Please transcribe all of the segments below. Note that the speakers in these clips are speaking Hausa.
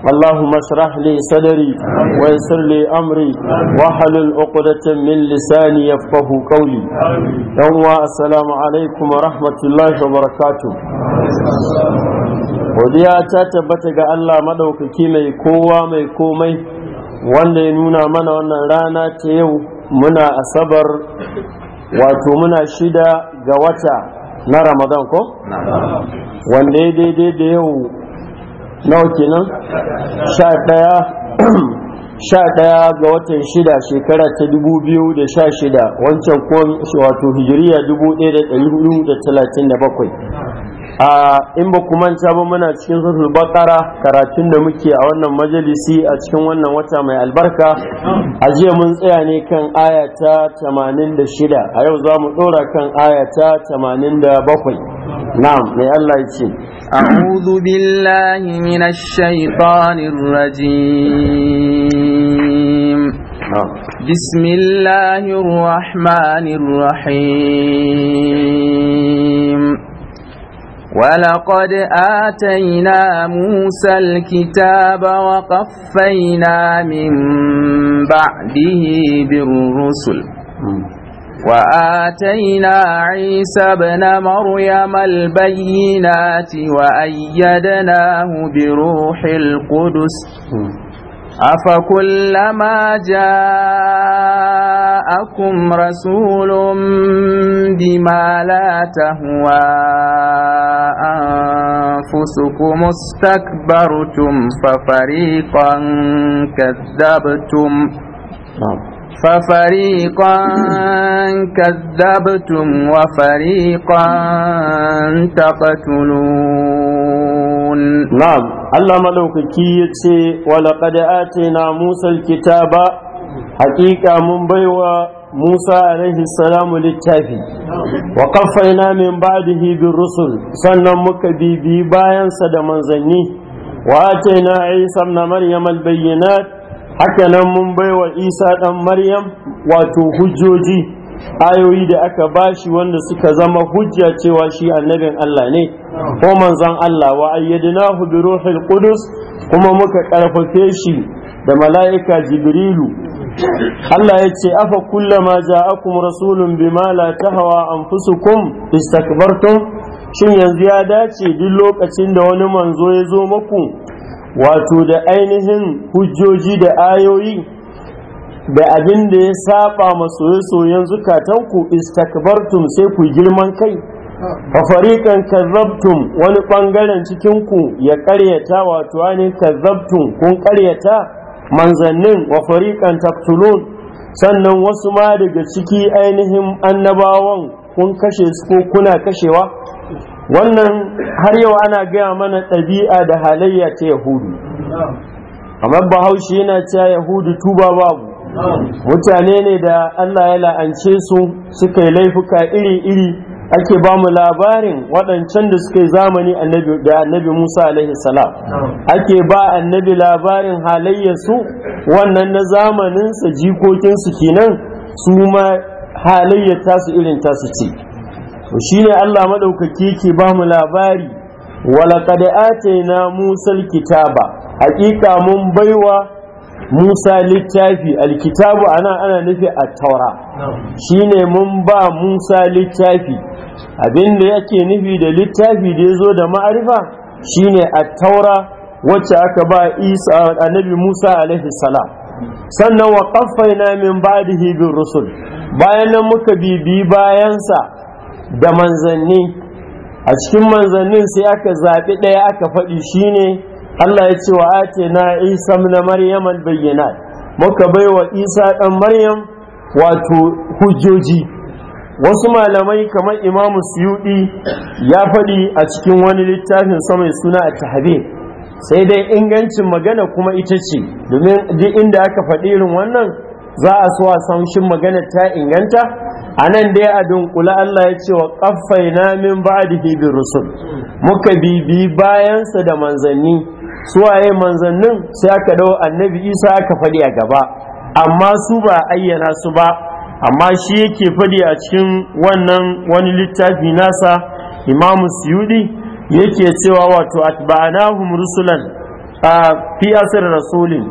Allahu masarar le sadari, wa yi amri, wa halin ta min lisani ya fahu Dan uwa Assalamu alaikum wa rahmatullahi wa barakatu. Godiya ta tabbata ga Allah madaukaki mai kowa mai komai, wanda ya nuna mana wannan rana ta yau muna asabar wato muna shida ga wata na Ramadan ko? Wanda daidai da yau nawa kenan sha ɗaya sha ɗaya ga watan shida shekara ta dubu biyu da sha shida wancan kuma wato hijiriya dubu ɗaya da ɗari hudu da talatin da bakwai a in ba ku manta ba muna cikin sulhul bakara karatun da muke a wannan majalisi a cikin wannan wata mai albarka a jiya mun tsaya ne kan aya ta shida a yau za mu ɗora kan aya ta bakwai. na'am mai Allah ya ce أعوذ بالله من الشيطان الرجيم بسم الله الرحمن الرحيم ولقد آتينا موسى الكتاب وقفينا من بعده بالرسل وآتينا عيسى ابن مريم البينات وأيدناه بروح القدس أفكلما جاءكم رسول بما لا تهوى أنفسكم استكبرتم ففريقا كذبتم نعم. ففريقا كذبتم وفريقا تقتلون نعم الله ملوك ملوككي ولقد آتينا موسى الكتاب حقيقة من بيوى موسى عليه السلام للتافي وقفينا من بعده بالرسل سنة مكبي بيبايا سدى منزلني وآتينا عيسى ابن مريم البينات haka nan mun baiwa isa ɗan maryam wato hujjoji ayoyi da aka bashi wanda suka zama hujja cewa shi annabin Allah ne ko manzon Allah wa ayyadina bi ruhil qudus kuma muka karfafe shi da mala'ika jibrilu Allah ya ce afa kullama ja'akum rasulun bima la tahwa anfusukum istakbartum shin yanzu ya dace duk lokacin da wani manzo ya zo maku wato da ainihin hujjoji da ayoyi da abin da ya saba ma soye-soyen zukatanku istakbartum sai ku girman kai a fariƙan kazzabtum wani ɓangaren cikinku ya ƙaryata wato ne kazzabtum kun ƙaryata manzannin wa fariƙan taktulun sannan wasu ma daga ciki ainihin annabawan kun kashe su ko kuna kashewa wannan har yau ana gaya mana ɗabi'a da halayya ta yahudu Kamar bahaushe yana cewa yahudu tuba babu mutane ne da allah ya la'ance su suka yi laifuka iri-iri ake ba mu labarin waɗancan da suka yi zamani da annabi musa alaihi salam ake ba annabi labarin halayyarsu wannan na zamaninsa jikokinsu kenan su ma halayyar tasu irin tasu ce shi ne Allah maɗaukaki ke ba mu labari walaƙada na musa kitaba Hakika mun baiwa musa littafi alkitabu ana ana nufi a taura shi ne mun ba musa littafi abinda yake nufi da littafi da ya zo da ma'arifa shi ne a taura wacce aka ba isa annabi musa alaihi salam sannan wa na min da bin rusul bayan nan muka bibi bayansa da manzanni a cikin manzannin sai aka zaɓi ɗaya aka faɗi shi ne. Allah ya ce wa ate na isa na maryam albayyana muka bai wa isa ɗan maryam wato hujjoji wasu malamai kamar imamu suyuɗi ya faɗi a cikin wani littafin sama mai suna a tahabe sai dai ingancin magana kuma ita ce domin duk inda aka faɗi irin wannan za a so a samshin magana ta inganta a nan dai a dunkula Allah ya ce wa kaffai na min da bi rusul muka bibi bayansa da manzanni waye manzannin sai aka dawo annabi isa aka faɗi a gaba amma su ba ayyana su ba amma shi yake faɗi a cikin wannan wani littafi nasa imamu suyudi yake cewa wato atba'anahum rusulan fi asir rasulin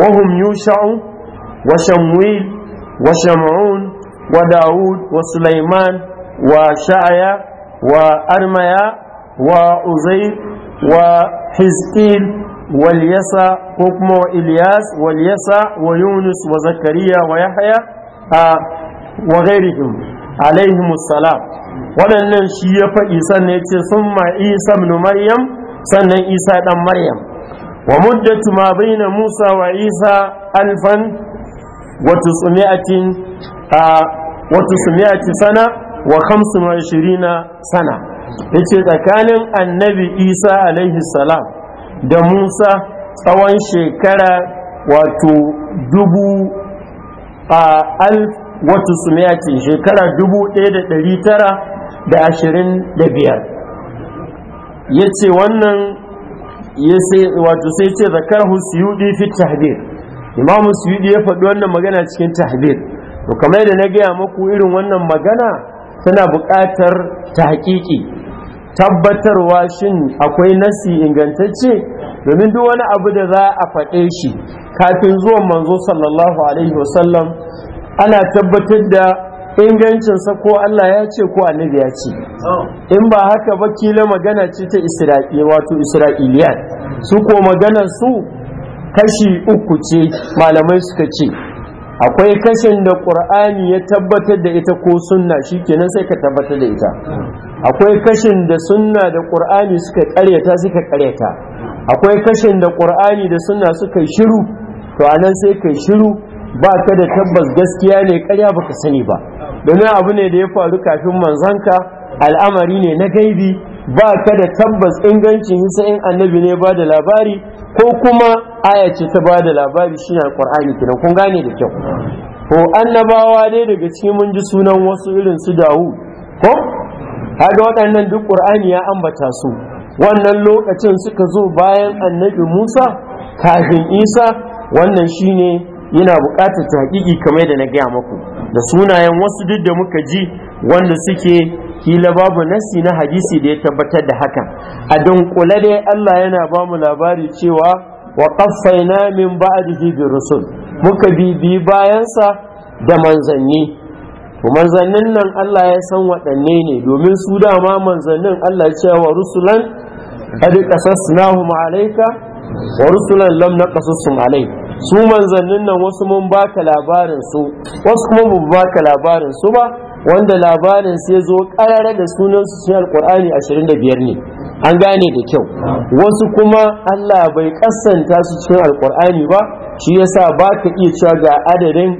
wahum yusha'u wa shamwil wa shamun wa Dawud wa Sulaiman wa Sha'aya wa Armaya wa Uzair wa Hizqil wal Yasa ko kuma wa Ilyas wal Yasa wa Yunus wa Zakariya wa Yahya wa salam waɗannan shi ya faɗi sannan ya ce sun ma Isa ibn Maryam sannan Isa ɗan Maryam wa muddatu ma baina Musa wa Isa alfan wa tusmi'atin a wata sumiyati sana wa kamsu mashirina sana ya ce tsakanin annabi isa alaihi salam da musa tsawon shekara wato dubu a alf wata sumiyati shekara dubu ɗaya da ɗari tara da ashirin da biyar ya ce wannan wato sai ce zakar husiyudi fi tahbir imamu suyudi ya faɗi wannan magana cikin tahbir to kamar da na gaya muku irin wannan magana suna buƙatar ta haƙiƙi tabbatarwa shin akwai nasi ingantacce domin duk wani abu da za a faɗe shi kafin zuwan manzo sallallahu alaihi wasallam ana tabbatar da ingancinsa ko Allah ya ce ko annabi ya ce in ba haka ba kila magana ce ta isra'i wato isra'iliyan su ko maganar su kashi uku ce malamai suka ce akwai kashin da ƙur'ani ya tabbatar da ita ko sunna shi kenan sai ka tabbatar da ita akwai kashin da sunna da ƙur'ani suka ƙaryata suka ƙaryata akwai kashin da ƙur'ani da sunna suka shiru to anan sai kai shiru ba ka da tabbas gaskiya ne ƙarya baka sani ba domin abu ne da ya faru kafin manzanka al'amari ne na gaibi ba ka da tabbas ingancin sa in annabi ne ba da labari ko kuma aya ta ba da labari shine ƙur'ani. kenan kun gane da kyau ko annabawa dai daga cikin mun ji sunan wasu irin su dawu ko haga waɗannan duk ƙur'ani ya ambata su wannan lokacin suka zo bayan annabi Musa kafin Isa wannan shine yana buƙatar ta hakiki kamar da na gaya maku. da sunayen wasu duk da muka ji wanda suke kila babu nasi na hadisi da ya tabbatar da hakan a dunkule dai Allah yana ba mu labari cewa wa qaffaina min ba'dihi bi rusul muka bibi bayansa da manzanni to manzannin nan Allah ya san waɗanne ne domin su dama manzannin Allah ya ce wa rusulan qad qasasnahum alayka wa rusulan lam naqasusum alayk su manzannin nan wasu mun baka labarin su wasu kuma mun baka labarin su ba wanda labarin sai zo karara da sunan su cikin alqur'ani 25 ne an gane da kyau wasu kuma Allah bai kasanta su cikin alqur'ani ba shi yasa ba ka iya cewa ga adadin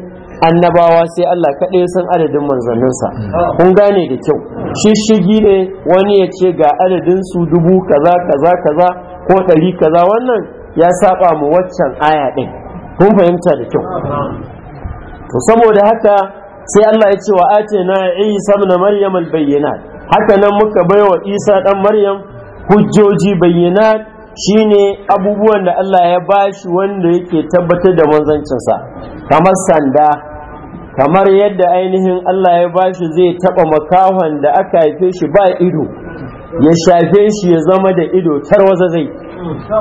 annabawa sai Allah kaɗai san adadin manzanninsa kun gane da kyau shishigi ne wani ya ce ga adadin su dubu kaza kaza kaza ko ɗari kaza wannan ya saba mu waccan aya ɗin kun fahimta da kyau to saboda haka sai Allah ya ce wa na Isa ibn Maryam al-bayyinat haka nan muka baiwa Isa dan Maryam hujjoji bayyana shine abubuwan da Allah ya bashi wanda yake tabbatar da manzancinsa kamar sanda kamar yadda ainihin Allah ya bashi zai taba makahon da aka haife shi ba ido ya shafe shi ya zama da ido tarwaza zai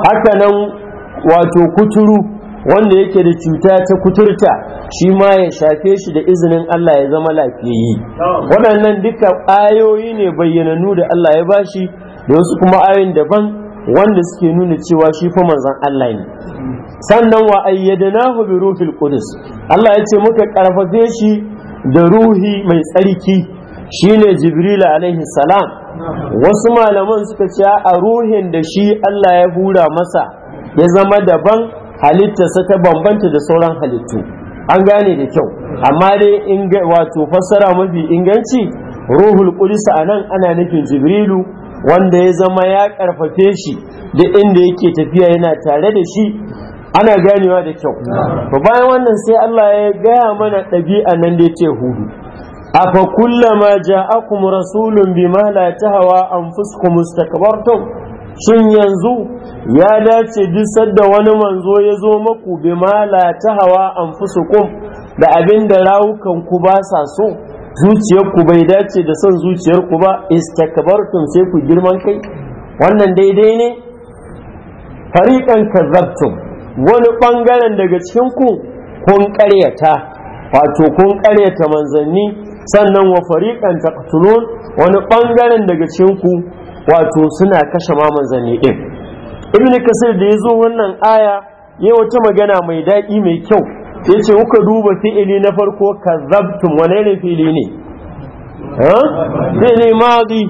haka nan wato kuturu wanda yake da cuta ta kuturta shi ma ya shafe shi da izinin Allah ya zama yi. waɗannan duka ayoyi ne bayyananu da Allah ya bashi da wasu kuma ayoyin daban wanda suke nuna cewa shi fa manzon Allah ne sannan wa ayyadnahu bi ruhil qudus Allah ya ce muka karfafe shi da ruhi mai tsarki shine jibril alaihi salam wasu malaman suka ce a ruhin da shi Allah ya hura masa ya zama daban halittarsa ta bambanta da sauran halittu an gane da kyau amma dai in wato fassara mafi inganci ruhul qudus anan ana nufin jibrilu wanda ya zama ya karfafe shi da inda yake tafiya yana tare da shi ana ganewa da kyau to bayan wannan sai Allah ya gaya mana ɗabi'a nan da yake hudu afa kullama ja'akum rasulun bima la tahawa anfusukum mustakbartum shin yanzu ya dace duk sadda wani manzo ya zo maku bi mala ta hawa an da abin da rawukan ku ba sa so zuciyarku bai dace da son zuciyarku ba istakbartum sai ku girman kai wannan daidai ne fariƙan kazzabtum wani ɓangaren daga cikin ku kun ƙaryata wato kun ƙaryata manzanni sannan wa fariƙan taqtulun wani ɓangaren daga cikin ku wato suna kashe ma ɗin ɗin. ibn kasir da ya zo wannan aya ya wata magana mai daɗi mai kyau ya ce kuka duba fi'ili na farko kazzabtum wane ne fi'ili ne fi'ili madi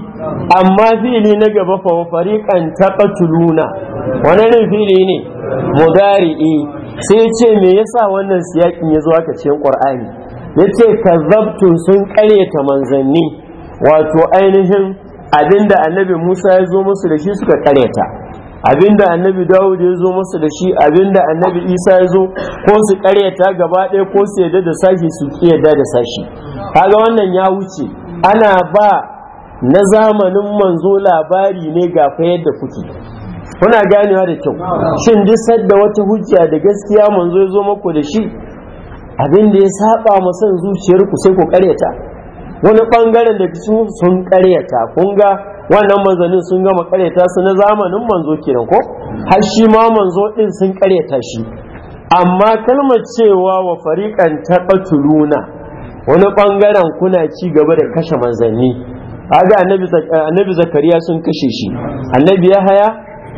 amma fi'ili na gaba kan taɓa tuluna wane ne fi'ili ne mudari'i sai ce me yasa wannan siyakin ya zo aka cikin ce yace kazzabtum sun ƙaryata manzanni wato ainihin abinda annabi Musa ya zo musu da shi suka kareta abinda annabi Dawud ya zo musu da shi abinda annabi Isa ya zo ko su kareta gaba ɗaya ko su yadda da sashi su yadda da sashi kaga wannan ya wuce ana ba na zamanin manzo labari ne ga fa yadda kuke kuna ganewa da kyau shin duk sadda wata hujja da gaskiya manzo ya zo muku da shi abinda ya saba ma son zuciyarku sai ku karyata wani bangaren da su sun karyata kun ga wannan manzannin sun gama karyata su na zamanin manzo kenan ko har shi ma manzo din sun karyata shi amma kalmar cewa wa fariƙan taɓatuluna wani bangaren kuna ci gaba da kashe manzanni kaga annabi zakariya sun kashe shi annabi yahaya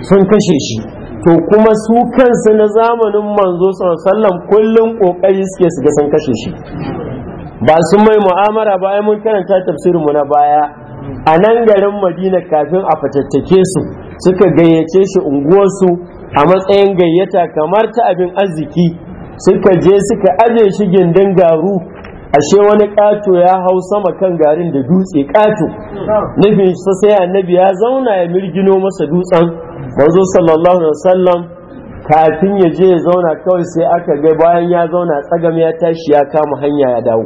sun kashe shi to kuma su kansu na zamanin manzo sallallahu alaihi wasallam kullum kokari suke su ga sun kashe shi ba sun mai mu'amara bayan mun karanta tafsirin mu na baya a nan garin madina kafin a fatattake su suka gayyace shi unguwarsu a matsayin gayyata kamar ta abin arziki suka je suka aje shi gindin garu ashe wani ƙato ya hau sama kan garin da dutse ƙato nufin sai annabi ya zauna ya mirgino masa dutsen manzo sallallahu alaihi wasallam kafin ya je zauna kawai sai aka ga bayan ya zauna tsagam ya tashi ya kama hanya ya dawo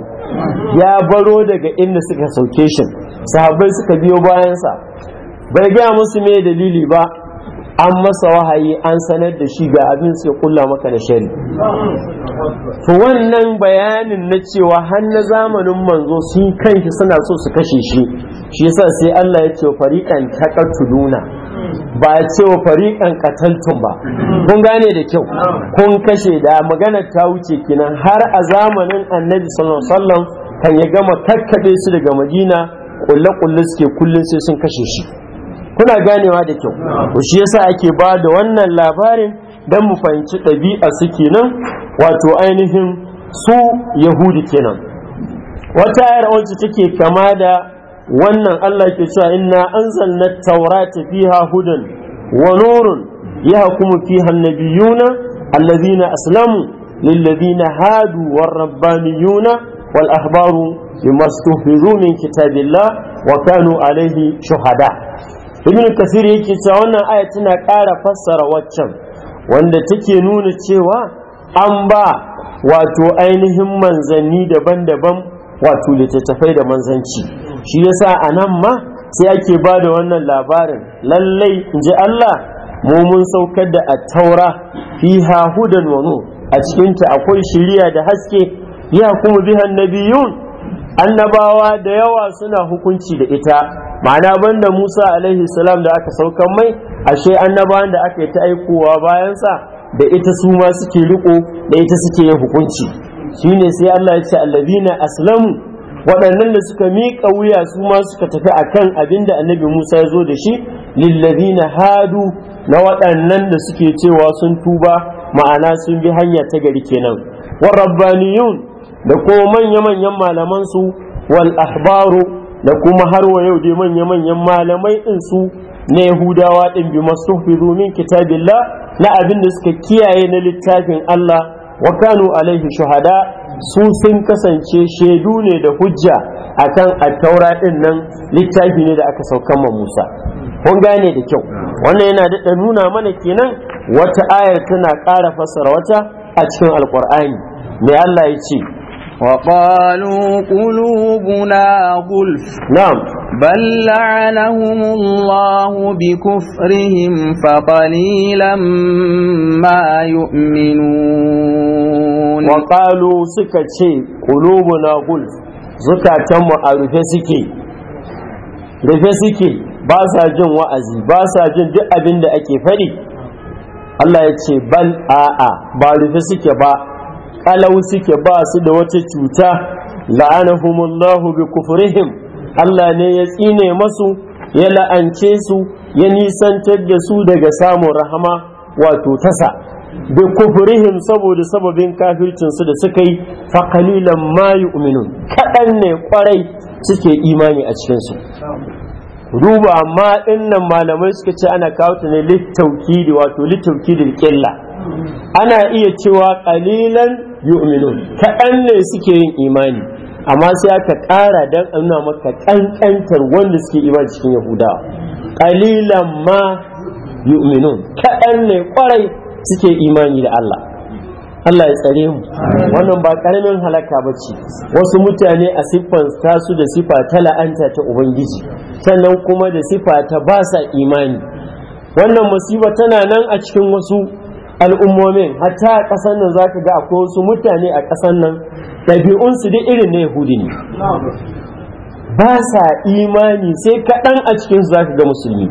ya baro daga inda suka sauke shi sahabbai suka biyo bayansa bai gaya musu me dalili ba an masa wahayi an sanar da shi ga abin sai kulla maka da shari to wannan bayanin na cewa har na zamanin manzo sun kanshi suna so su kashe shi shi yasa sai Allah ya ce fariqan taqatuluna ba ya ce wa fariqan qataltum ba kun gane da kyau kun kashe da magana ta wuce kinan har a zamanin Annabi sallallahu alaihi wasallam kan ya gama kakkabe su daga Madina kulle kulle suke kullun sai sun kashe shi kuna ganewa da kyau to shi yasa ake ba da wannan labarin don mu fahimci ɗabi'a su kenan wato ainihin su yahudi kenan wata ayar wacce take kama da wannan Allah ke cewa inna anzalna taurata fiha hudan wa nurun yahkumu fiha annabiyuna alladhina aslamu lillazina hadu warabbaniyuna wal ahbaru bima stuhfizu min kitabillah wa kanu alaihi shuhada ibn kasir yake cewa wannan aya tana ƙara fassara waccan wanda take nuna cewa an ba wato ainihin manzanni daban-daban wato littattafai da manzanci shi yasa a nan ma sai ake ba da wannan labarin lallai in ji Allah mu mun saukar da a taura fiha hudan wa a cikinta akwai shiri'a da haske ya kuma bihan nabiyun annabawa da yawa suna hukunci da ita ma'ana banda Musa alaihi salam da aka saukan mai ashe annabawan da aka yi ta aikowa bayan sa, da ita su ma suke riko da ita suke yin hukunci shine sai Allah ya ce allazina aslamu waɗannan da suka miƙa wuya su ma suka tafi akan abinda annabi Musa ya zo da shi lillazina hadu na waɗannan da suke cewa sun tuba ma'ana sun bi hanya ta gari kenan warabbaniyun da kuma manya-manyan malamansu wal ahbaru da kuma har wa yau dai manya-manyan malamai din su na yahudawa din bi masuhfizu min kitabillah na abin da suka kiyaye na littafin Allah wa kanu alaihi shuhada su sun kasance shaidu ne da hujja akan taura din nan littafi ne da aka saukan ma Musa kun gane da kyau wannan yana da nuna mana kenan wata ayar tana ƙara fassara wata a cikin alƙur'ani me Allah ya ce وقالوا قلوبنا غلف نعم بل لعنهم الله بكفرهم فقليلا ما يؤمنون وقالوا سكتشي قلوبنا غلف زكاتم أرفسكي rufe suke ba sa باسا جن ba sa jin duk abin da ake faɗi Allah ya ce bal a'a ba rufe suke ba alau suke ba su da wata cuta la'anahumullahu bi kufrihim Allah ne ya tsine masu ya la'ance su ya nisantar da su daga samun rahama wato tasa bi kufrihim saboda sababin kafircin su da suka yi fa qalilan ma yu'minun kadan ne kwarai suke imani a cikin su duba amma dinnan malamai suka ce ana kawo ta ne da, wato littaukidil qilla ana iya cewa qalilan yu'minun kaɗan ne suke yin imani amma sai aka ƙara dan a nuna maka ƙanƙantar wanda suke imani cikin Yahudawa. ƙalilan ma yu'minun kaɗan ne ƙwarai suke imani da Allah Allah ya tsare mu wannan ba ƙaramin halaka ba ce wasu mutane a siffan su da sifa ta la'anta ta ubangiji sannan kuma da sifa ta ba sa imani wannan musiba tana nan a cikin wasu al'ummomin hatta a ƙasar nan za zaka ga akwai wasu mutane a ƙasar nan ɗabi'unsu duk irin na yahudi ne ba sa imani sai kaɗan a cikinsu zaka ga musulmi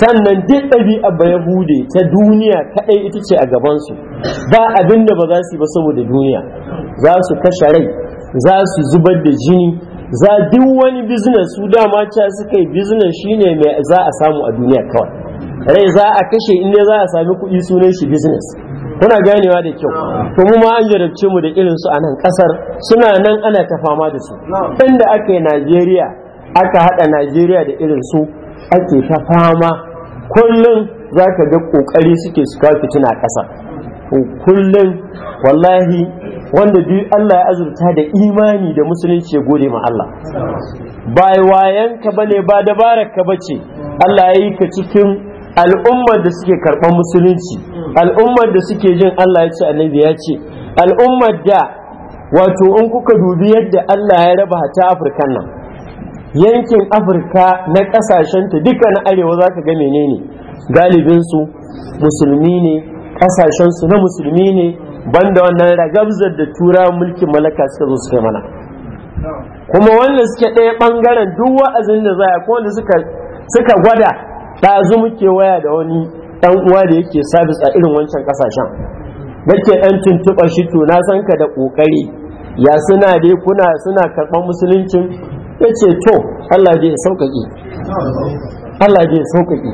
sannan duk ɗabi'a ba yahudi ta duniya kaɗai ita ce a gabansu ba abin da ba za su yi ba saboda duniya za su kashe rai za su zubar da jini za duk wani biznes su dama ca suka yi biznes shine mai za a samu a duniya kawai rai za a kashe in za a sami kuɗi sunan shi business kuna ganewa da kyau to mu ma an jarabce mu da irin su a nan kasar suna nan ana ta fama da su inda aka yi Najeriya aka hada Najeriya da irin su ake ta fama kullum za ka ga kokari suke su kawo fitina ƙasa kullum wallahi wanda biyu Allah ya azurta da imani da musulunci ya gode ma Allah ba wayanka bane ba dabarar ka bace Allah ya yi ka cikin al'ummar da suke karɓar musulunci al'ummar da suke jin Allah ya ce annabi ya ce al'ummar da wato in kuka dubi yadda Allah ya raba ta Afirka nan yankin afirka na ƙasashenta duka na arewa za ka ga menene galibinsu musulmi ne ƙasashensu na musulmi ne banda wannan ragabzar da tura mulkin malaka suka zo suka mana kuma wanda suke ɗaya ɓangaren duk wa'azin da za a wanda suka gwada zo muke waya da wani ɗan uwa da yake sabis a irin wancan ƙasashen nake ɗan tuntuɓa shi to na san ka da ƙoƙari ya suna dai kuna suna karɓar musuluncin ya ce to Allah zai sauƙaƙe Allah zai sauƙaƙe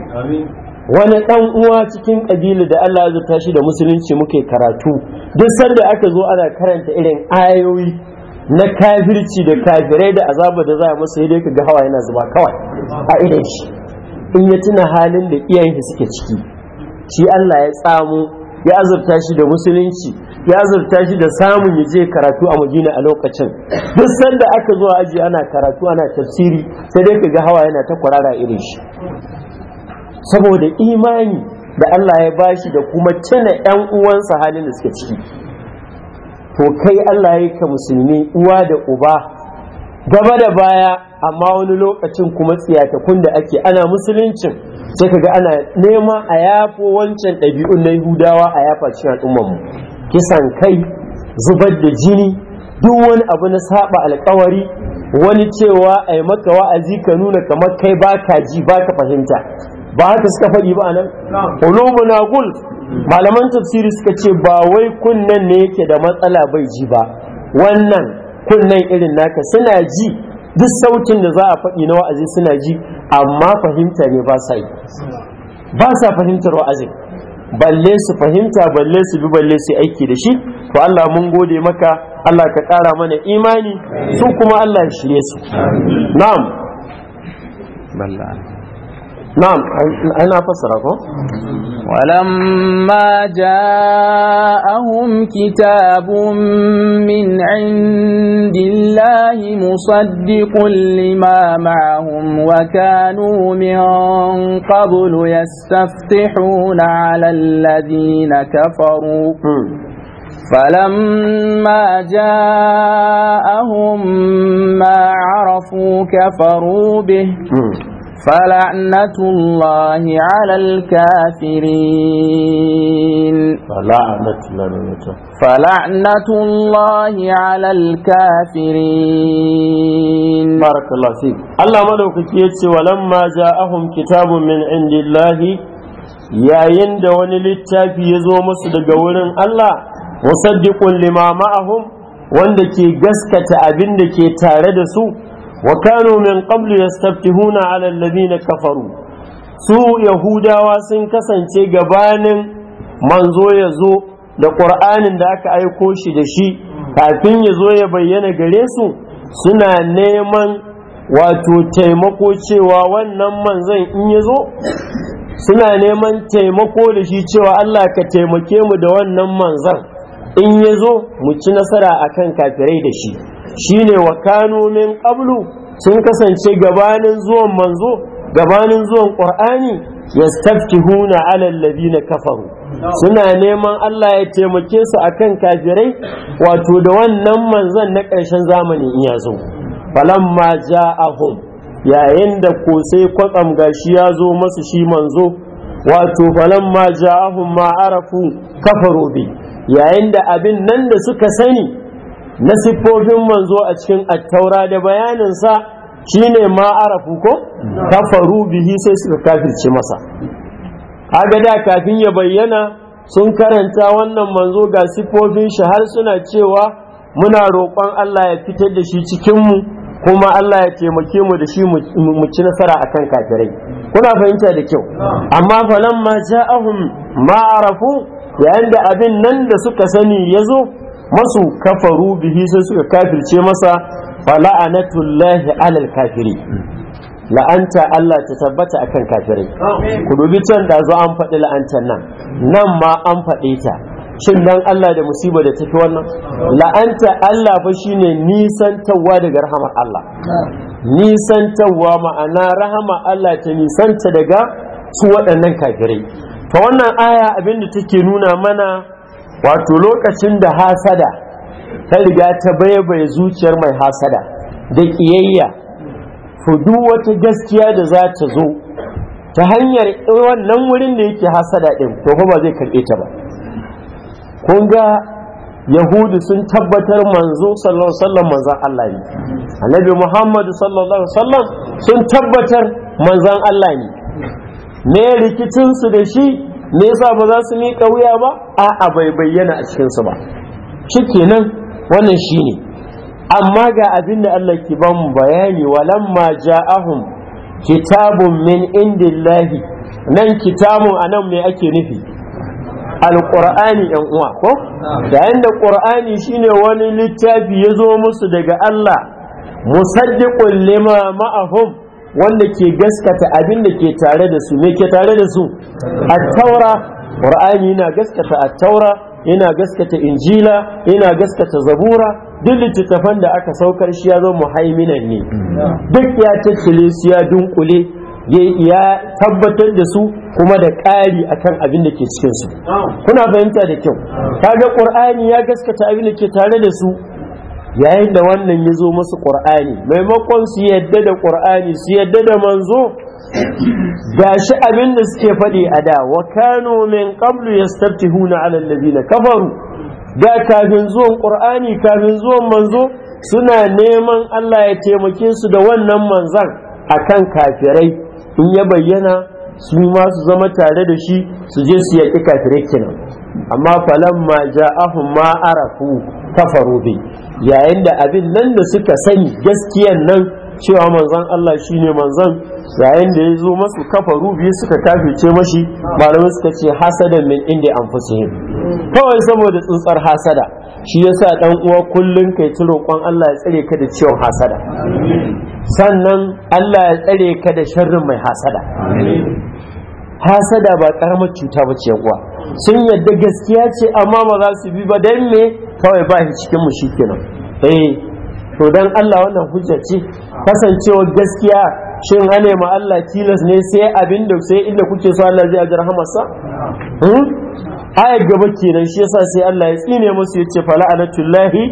wani ɗan uwa cikin ƙabilu da Allah ya tashi da musulunci muke karatu duk sanda aka zo ana karanta irin ayoyi na kafirci da kafirai da azaba da za a masa yadda ka ga hawa yana zuba kawai a idan shi in ya tuna halin da iyayen suke ciki shi Allah ya tsamo ya azurta shi da musulunci ya azurta shi da samun ya je karatu a Madina a lokacin duk sanda aka zo aji ana karatu ana tafsiri sai dai ka ga hawa yana ta kwarara irin shi saboda imani da Allah ya bashi da kuma tuna ƴan uwansa halin da suke ciki to kai Allah ya yi ka musulmi uwa da uba gaba da baya amma wani lokacin kuma tsiyatakun da ake ana musuluncin sai kaga ana nema a yafo wancan ɗabi'un na yahudawa a yafa cikin mu. kisan kai zubar da jini duk wani abu na saba alkawari wani cewa ai maka wa'azi ka nuna kamar kai baka ji baka fahimta ba haka suka faɗi ba nan ulumuna gul malaman tafsiri suka ce ba wai kunnen ne yake da matsala bai ji ba wannan kunnan irin naka suna ji duk sautin da za a faɗi na wa'azi suna ji amma fahimta ne ba sa yi ba sa fahimtar wa'azi. balle su fahimta balle su bi balle su aiki da shi to Allah mun gode maka Allah ka ƙara mana imani su kuma Allah ya shirye su na'am نعم أنا فسره ولما جاءهم كتاب من عند الله مصدق لما معهم وكانوا من قبل يستفتحون على الذين كفروا فلما جاءهم ما عرفوا كفروا به فلعنة الله على الكافرين فلعنة الله على الكافرين بارك الله فيك الله ملوك يتي ولما جاءهم كتاب من عند yayin da wani littafi ya zo musu daga wurin Allah musaddiqun lima ma'ahum wanda ke gaskata abin da ke tare da su wa من min يستفتحون على الذين كفروا kafaru su yahudawa sun kasance gabanin manzo ya zo da ƙur'anin da aka aiko shi da shi kafin ya zo ya bayyana gare su suna neman wato taimako cewa wannan manzon in ya zo suna neman taimako da shi cewa Allah ka taimake mu da wannan manzan in ya zo mu ci nasara akan kafirai da shi Shi ne wa kanu min sun kasance gabanin zuwan manzo gabanin zuwan ya huna yastaftihuna alallabi na kafaru suna neman Allah ya taimake su a kan kafirai wato da wannan manzon na ƙarshen zamani in ya zo falamma hun yayin da ko kwatsam gashi ya zo masu shi manzo wato falamma a hun ma'arafu kafaru bi yayin da abin nan da suka sani na siffofin manzo a cikin attaura da bayaninsa shine ma arafu ko kafaru bihi sai suka kafirce masa kaga da kafin ya bayyana sun karanta wannan manzo ga siffofin shi har suna cewa muna roƙon Allah ya fitar da shi cikinmu kuma Allah ya taimake mu da shi mu ci nasara akan kafirai kuna fahimta da kyau amma falamma ja'ahum ma arafu yayin da abin nan da suka sani ya zo masu kafaru bihi sai suka kafirce masa fala'anatullahi alal kafiri la'anta Allah ta tabbata akan kafirai ku dubi can da zo an faɗi la'antar nan nan ma an faɗe ta shin dan Allah da musiba da tafi wannan la'anta Allah fa shine tawwa daga rahama Allah Nisan tawwa ma'ana rahama Allah ta nisanta daga su waɗannan kafirai ta wannan aya abinda take nuna mana wato lokacin da hasada ta riga ta baibaye zuciyar mai hasada da ƙiyayya duk wata gaskiya da za ta zo ta hanyar wannan wurin da yake hasada ɗin to ba zai karɓe ta ba kun ga yahudu sun tabbatar manzo sallallahu alaihi wasallam manzan Allah ne annabi muhammadu sallallahu alaihi wasallam sun tabbatar manzan Allah ne me rikicinsu da shi me yasa ba za su miƙa wuya ba a'a bai bayyana a cikinsu ba nan wannan shine amma ga abin da Allah ke ba mu bayani walamma ja'ahum kitabun min indillahi nan kitabun nan me ake nufi alqur'ani yan uwa ko da da qur'ani shine wani littafi ya zo musu daga Allah musaddiqul lima ma'ahum wanda ke gaskata abin da ke tare da su me ke tare da su at-taura qur'ani yana gaskata at-taura yana gaskata injila yana gaskata zabura duk littattafan da aka saukar shi ya zo muhaiminan ne duk ya tattale su ya dunkule ya tabbatar da su kuma da ƙari akan abin da ke cikinsu kuna fahimta da kyau kaga ƙur'ani ya gaskata abin da ke tare da su yayin da wannan ya zo masu ƙur'ani maimakon su yadda da ƙur'ani su yadda da manzo ga shi abin da suke faɗi a da wa kano min qablu huna ala allazina kafaru ga kafin zuwan ƙur'ani kafin zuwan manzo suna neman Allah ya taimake su da wannan manzan kan kafirai in ya bayyana su ma su zama tare da shi su je su yaƙi kafirai kenan amma falamma ja'ahum ma arafu kafaru bai. yayin da abin nan da suka sani gaskiyan nan cewa manzan Allah shi ne manzan, yayin da ya zo masu kafaru biyu suka kafice mashi malamai suka ce hasadan min inda an anfusihim kawai saboda tsuntsar hasada shi ya sa ɗan uwa kullum kai ci roƙon Allah ya tsare ka da ciwon hasada sannan Allah ya tsare ka da sharrin mai hasada hasada ba ƙaramar cuta ba ce uwa sun yadda gaskiya ce amma ma za su bi ba dan me kawai ba shi cikin mu shikenan eh to dan Allah wannan hujja ce kasancewar gaskiya shin hane ma Allah tilas ne sai abin da sai inda kuke so Allah zai ajar hamarsa hmm? ayar gaba kenan shi yasa sai Allah ya tsine musu yace fala alatullahi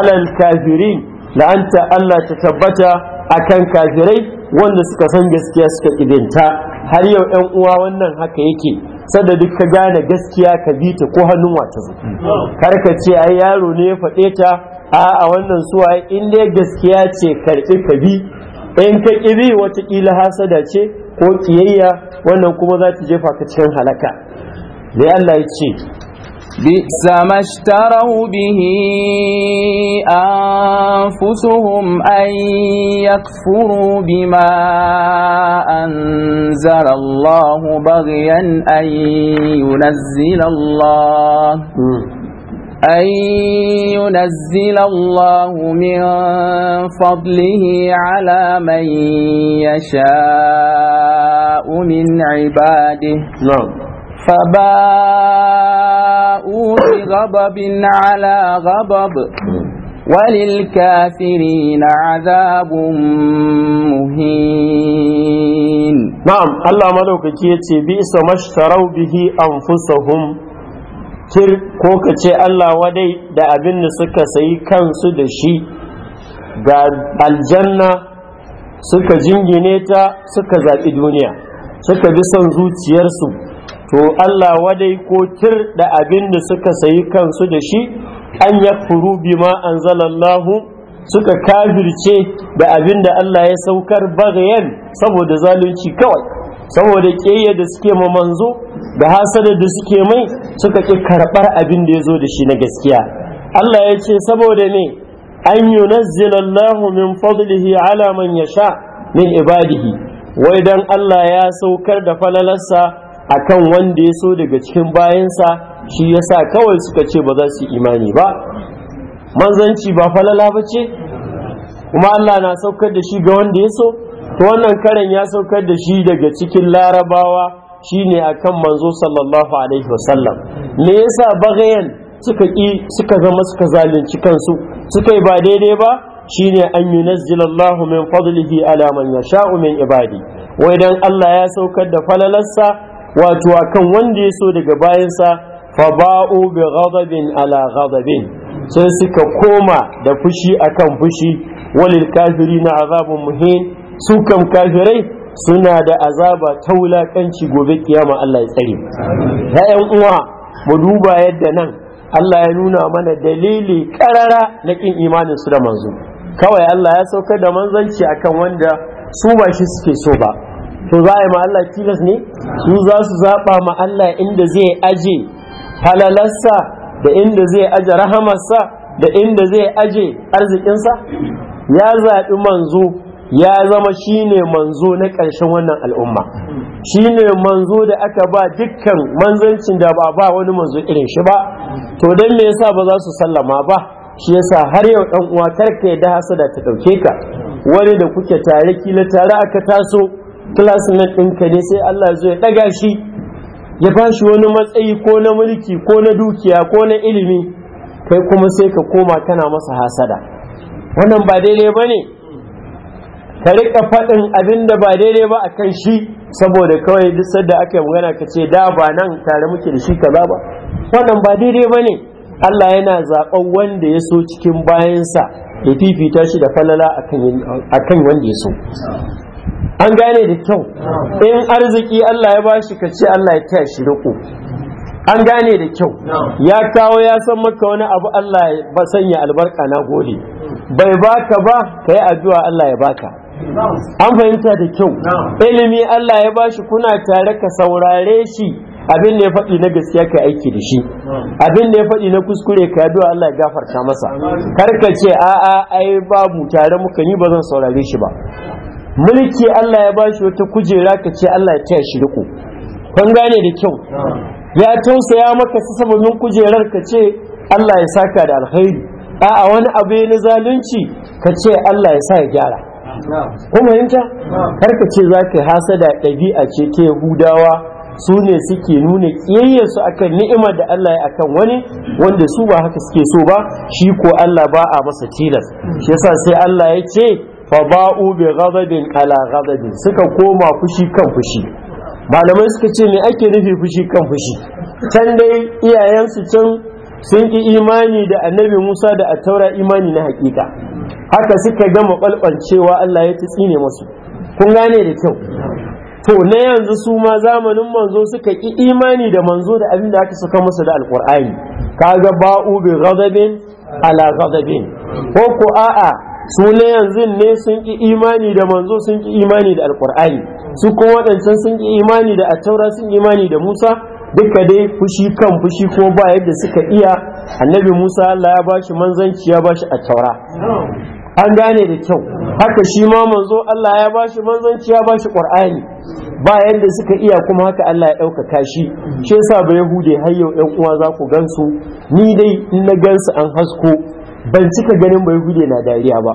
alal kafirin la'anta Allah ta tabbata akan kafirai wanda suka san gaskiya suka kidinta har yau 'yan uwa wannan haka yake sanda duk ka gane gaskiya ka bi ta ko hannun wata zo karka ce ai yaro ne ya faɗe ta a a wannan suwa in dai gaskiya ce karɓi ka bi in ka ƙibi watakila hasada ce ko ƙiyayya wannan kuma za ta jefa ka cikin halaka dai Allah ya ce بئس ما اشتروا به أنفسهم أن يكفروا بما أنزل الله بغيا أن ينزل الله أن ينزل الله من فضله على من يشاء من عباده نعم. فباء باءوا بغضب على غضب وللكافرين عذاب مهين نعم الله ملوك كيتي بئس ما اشتروا به أنفسهم kir ko ka ce Allah wadai da abin da suka sayi kansu da shi ga aljanna suka jingine ta suka zaɓi duniya suka bi son zuciyarsu to Allah wadai ko tir da abin da suka sayi kansu da shi an ya furu bima anzalallahu suka kafirce da abin da Allah ya saukar bagayen saboda zalunci kawai saboda ƙeya da suke ma manzo da hasada da suke mai suka ƙi karɓar abin da ya zo da shi na gaskiya Allah ya ce saboda ne an yunazzilallahu min fadlihi ala man yasha min ibadihi wai dan Allah ya saukar da falalarsa akan wanda ya so daga cikin bayansa shi ya sa kawai suka ce ba za su imani ba manzanci ba falala ba ce kuma Allah na saukar da shi ga wanda ya so to wannan karen ya saukar da shi daga cikin larabawa shine akan manzo sallallahu alaihi wasallam me yasa bagayen suka ƙi suka zama suka zalunci kansu suka yi ba daidai ba shine an yunazzilallahu min fadlihi ala man yasha'u min ibadi wai dan Allah ya saukar da falalarsa wato akan wanda ya so daga bayansa fa ba'u bi ghadabin ala ghadabin sai suka koma da fushi akan fushi walil na azabun muhin su kam kafirai suna da azaba ta wulakanci gobe kiyama Allah ya tsare ya yan uwa mu duba yadda nan Allah ya nuna mana dalili karara na kin imanin su da manzo kawai Allah ya saukar da manzanci akan wanda su ba shi suke so ba to za a yi ma'alla tilas ne su za su zaɓa ma Allah inda zai aje halalarsa da inda zai aje rahamarsa da inda zai aje arzikinsa ya zaɓi manzo ya zama shine manzo na ƙarshen wannan al'umma Shi ne manzo da aka ba dukkan manzancin da ba ba wani manzo irin shi ba to don me yasa ba za su sallama ba shi yasa har yau ɗan uwa karka da hasada ta ɗauke ka wani da kuke tare kila tare aka taso classmate ɗinka ne sai Allah zai ɗaga shi ya bashi wani matsayi ko na mulki ko na dukiya ko na ilimi kai kuma sai ka koma kana masa hasada wannan ba daidai ba ne ka riƙa faɗin abin da ba daidai ba akan shi saboda kawai duk sadda aka yi magana ka ce da ba nan tare muke da shi kaza ba wannan ba daidai ba ne Allah yana zaɓan wanda ya so cikin bayansa ya fifita shi da falala akan wanda ya so an gane da kyau in arziki Allah ya bashi ka ce Allah ya taya shi riko an gane da kyau ya kawo ya san maka wani abu Allah ya sanya albarka na gode bai baka ba ka yi addu'a Allah ya baka an fahimta da kyau ilimi Allah ya bashi kuna tare ka saurare shi abin da ya faɗi na gaskiya ka aiki da shi abin da ya faɗi na kuskure ka addu'a Allah ya gafarta masa kar ka ce a'a ai babu tare muka ni ba zan saurare shi ba mulki Allah ya bashi wata kujera ka ce Allah ya taya shi riko kun gane da kyau ya tausaya maka sababin kujerar ka ce Allah ya saka da alkhairi a'a wani abu na zalunci ka ce Allah ya sa ya gyara Kuma fahimta kar ka ce za ka hasada ɗabi'a ce ta yahudawa su ne suke nuna ƙiyayyarsu akan ni'imar da Allah ya akan wani wanda su ba haka suke so ba shi ko Allah ba a masa tilas shi yasa sai Allah ya ce fa ba'u bi ghadabin ala ghadabin suka koma fushi kan fushi malamai suka ce me ake nufi fushi kan fushi can dai iyayensu can sun ki imani da annabi Musa da taura imani na hakika haka suka gama balbalcewa Allah ya ci tsine musu kun gane da kyau to na yanzu su ma zamanin manzo suka ki imani da manzo da abin da aka saka masa da alqur'ani kaga ba'u bi ghadabin ala ghadabin ko ko a'a su na yanzu ne sun ƙi imani da manzo sun ƙi imani da alƙur'ani su kuma waɗancan sun ƙi imani da attaura sun imani da musa duka dai fushi kan fushi ko ba yadda suka iya annabi musa allah ya bashi manzanci ya bashi attaura an gane da kyau haka shi ma manzo allah ya bashi manzanci ya bashi ƙur'ani ba yadda suka iya kuma haka allah ya ɗaukaka shi shi yasa ba yahude har yau 'yan uwa za ku gansu ni dai in na gansu an hasko ban cika ganin bai gude na dariya ba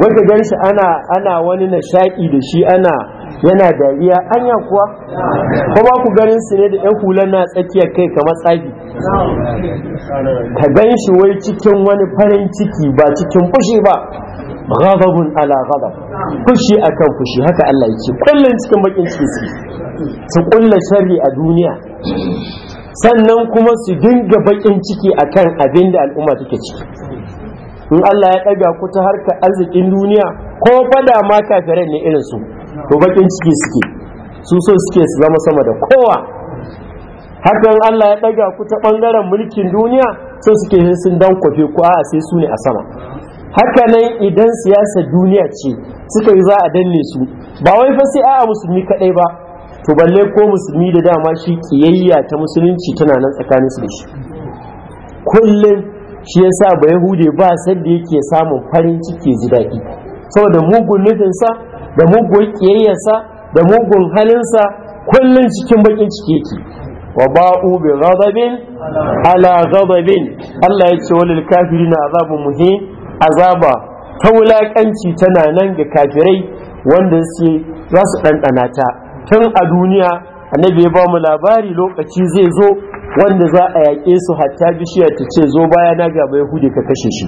wanda gan shi ana ana wani nishaɗi da shi ana yana dariya anya kuwa ko ba ku ganin su ne da yan hula na tsakiyar kai kamar tsagi ka gan shi wai cikin wani farin ciki ba cikin fushi ba ghadabun ala ghadab fushi akan fushi haka Allah yake kullun cikin bakin ciki su kulla sharri a duniya sannan kuma su dinga bakin ciki akan abin da al'umma take ciki in Allah ya ɗaga ku ta harkar arzikin duniya ko fada ma kafirai ne irin su to bakin ciki suke su so suke su zama sama da kowa hakan Allah ya ɗaga ku ta ɓangaren mulkin duniya so suke sun dan kwafe ku a sai su ne a sama haka nan idan siyasa duniya ce suka yi za a danne su ba wai fa sai a musulmi kaɗai ba to balle ko musulmi da dama shi kiyayya ta musulunci tana nan tsakanin su da shi kullum shi yasa ba yahude ba sadda yake samun farin ciki ji daɗi saboda mugun nufinsa da mugun kiyayyarsa da mugun halinsa kullum cikin bakin ciki yake wa ba'u bi ghadabin ala ghadabin Allah ya ce walil kafirina azabun muhin azaba ta wulaƙanci tana nan ga kafirai wanda su za su ɗanɗana ta tun a duniya annabi ya ba mu labari lokaci zai zo wanda za a yaƙe su hatta bishiya ta ce zo baya na ga bai hude ka kashe shi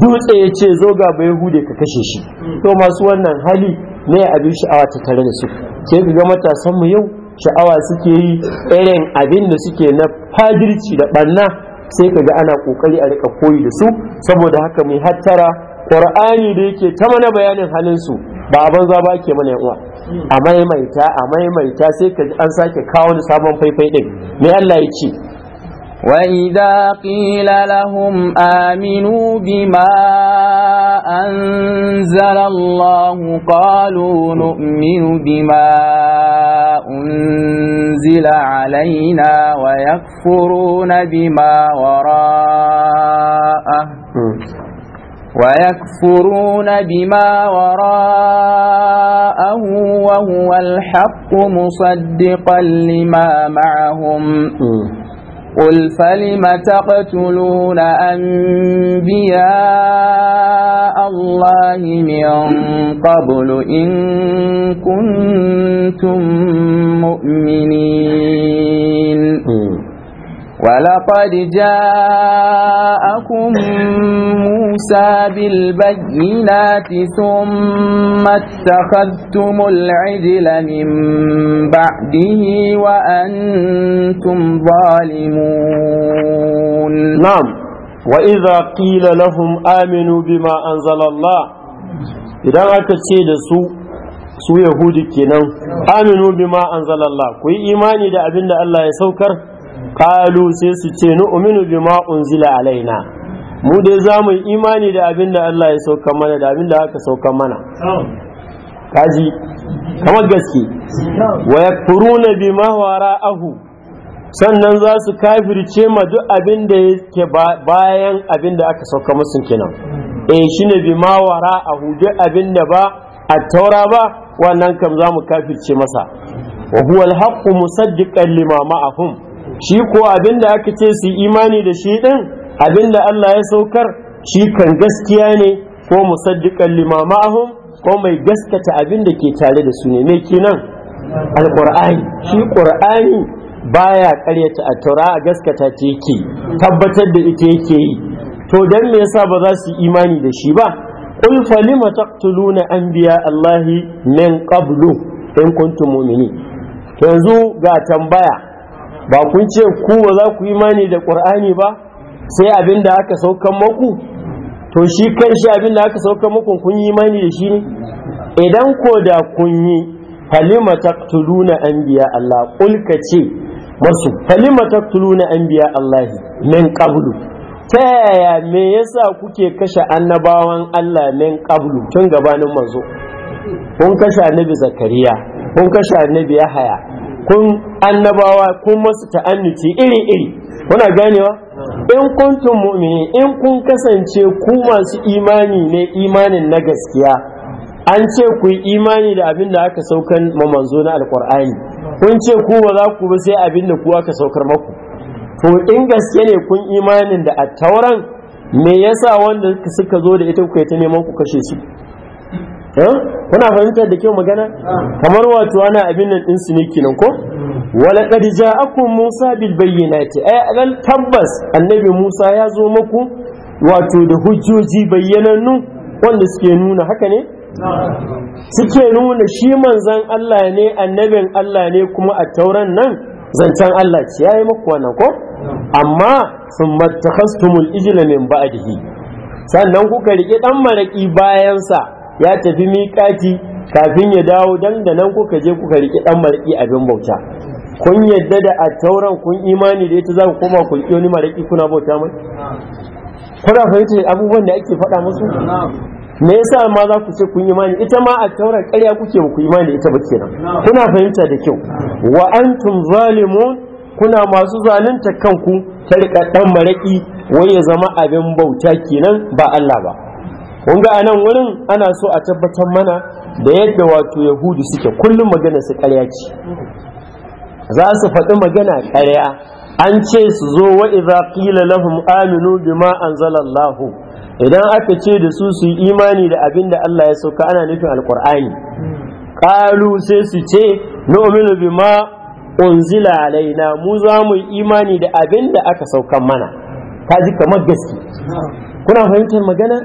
dutse ya ce zo ga bai hude ka kashe shi to masu wannan hali ne abin sha'awa ta tare da su sai ga matasan mu yau sha'awa suke yi irin abin da suke na fadirci da banna sai ka kaga ana kokari a rika koyi da su saboda haka mai hattara qur'ani da yake ta mana bayanin halin su ba a banza ba ke mana yan uwa a maimaita a maimaita sai ka an sake kawo wani sabon faifai din me Allah ya ce وإذا قيل لهم آمنوا بما أنزل الله قالوا نؤمن بما أنزل علينا ويكفرون بما وراءه ويكفرون بما وراءه وهو الحق مصدقا لما معهم قل فلم تقتلون أنبياء الله من قبل إن كنتم مؤمنين ولقد جاءكم موسى بالبينات ثم اتخذتم العجل من بعده وأنتم ظالمون نعم وإذا قيل لهم آمنوا بما أنزل الله إذا أتشيد سوء su yahudi kenan aminu bima anzalallah ku yi imani da abin da Allah ya saukar qalu sai su ce nu'minu bima unzila alaina mu dai za mu yi imani da abin da Allah ya sauka mana da abin da aka sauka mana kaji kamar gaske wa yakfuruna bima wara'ahu sannan za su kafirce ma duk abin da yake bayan abin da aka sauka musu kenan eh shine bima wara'ahu duk abin da ba a taura ba wannan kam za mu kafirce masa wa huwa alhaqqu musaddiqan lima ma'ahum shi ko abin da aka ce su imani da shi ɗin abin da Allah ya saukar shi kan gaskiya ne ko musaddiƙan limamahum ko mai gaskata abin da ke tare da su ne me kenan alƙur'ani shi ƙur'ani baya ƙaryata a taura a gaskata ta yake tabbatar da ita yake yi to dan me yasa ba za su imani da shi ba qul falima taqtuluna anbiya Allahi min qablu in kuntum mu'minin yanzu ga tambaya ba kun ce ku ba za ku imani da ƙur'ani ba sai abin da aka saukan maku to shi kan shi abin da aka saukan maku kun yi imani da shi ne idan ko da kun yi falima taqtuluna anbiya Allah kulka ce masu falima taqtuluna anbiya Allah min qablu ta yaya me yasa kuke kashe annabawan Allah min qablu tun gabanin manzo kun kashe annabi zakariya kun kashe annabi yahaya kun annabawa kun masu ta'annuci iri iri kuna ganewa in kuntum mu'mini in kun kasance ku masu imani ne imanin na gaskiya an ce ku yi imani da abin da aka saukan mamanzo na alkur'ani kun ce ku ba za ku ba sai abin da ku aka saukar maku to in gaske ne kun imanin da a tauran me yasa wanda suka zo da ita kuka ta neman ku kashe su Eh? kuna fahimtar da kyau magana kamar wato ana abin nan din su ne kenan ko wala qad ja'akum musa bil bayyinati ay alal tabbas annabi musa ya zo muku wato da hujjoji bayyanannu wanda suke nuna haka ne suke nuna shi manzan Allah ne annabin Allah ne kuma a tauran nan zancen Allah ce yayi muku wannan ko amma sun mattakhastumul ijla min ba'dihi sannan kuka rike dan maraki bayansa ya tafi miƙati kafin ya dawo dan da nan kuka je kuka riƙe ɗan mariki abin bauta kun yadda da a tauran kun imani da ita za ku koma ku riki wani mariki kuna bauta mai kuna fahimtar abubuwan da ake faɗa musu me yasa ma za ku ce kun imani ita ma a tauran ƙarya kuke ku imani ita ba kenan kuna fahimta da kyau wa antum zalimun kuna masu zalunta kanku ta riƙa ɗan mariki wai ya zama abin bauta kenan ba Allah ba kun ga anan wurin ana so a tabbatar mana da yadda wato yahudu suke kullum magana su karya ce za su faɗi magana ƙarya an ce su zo wa idza qila lahum aminu bima anzalallahu idan aka ce da su su yi imani da abin da Allah ya sauka ana nufin alqur'ani qalu sai su ce nu'minu bima unzila alaina mu za mu yi imani da abin da aka saukan mana ji kamar gaske kuna fahimtar magana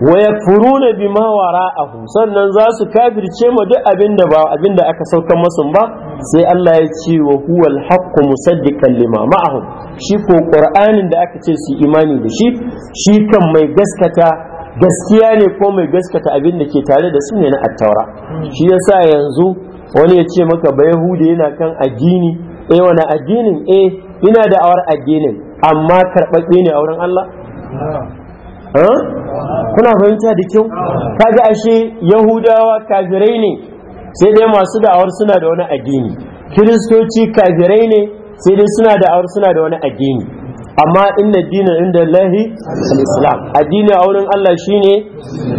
wa ma bima wara'ahu sannan za su kafirce ma duk abin da ba abin da aka saukan masu ba sai Allah ya ce wa huwal haqqu musaddiqan lima ma'ahum shi ko qur'anin da aka ce su imani da shi shi kan mai gaskata gaskiya ne ko mai gaskata abin da ke tare da su ne na attaura shi yasa yanzu wani ya ce maka ba yahudi yana kan addini eh wani addinin eh ina da awar addinin amma karɓaɓɓe ne a wurin Allah kuna fahimta da kyau kaga ashe yahudawa kafirai ne sai dai masu da'awar suna da wani addini kiristoci kafirai ne sai dai suna da'awar suna da wani addini amma inna dinin inda lahi islam addini a wurin Allah shine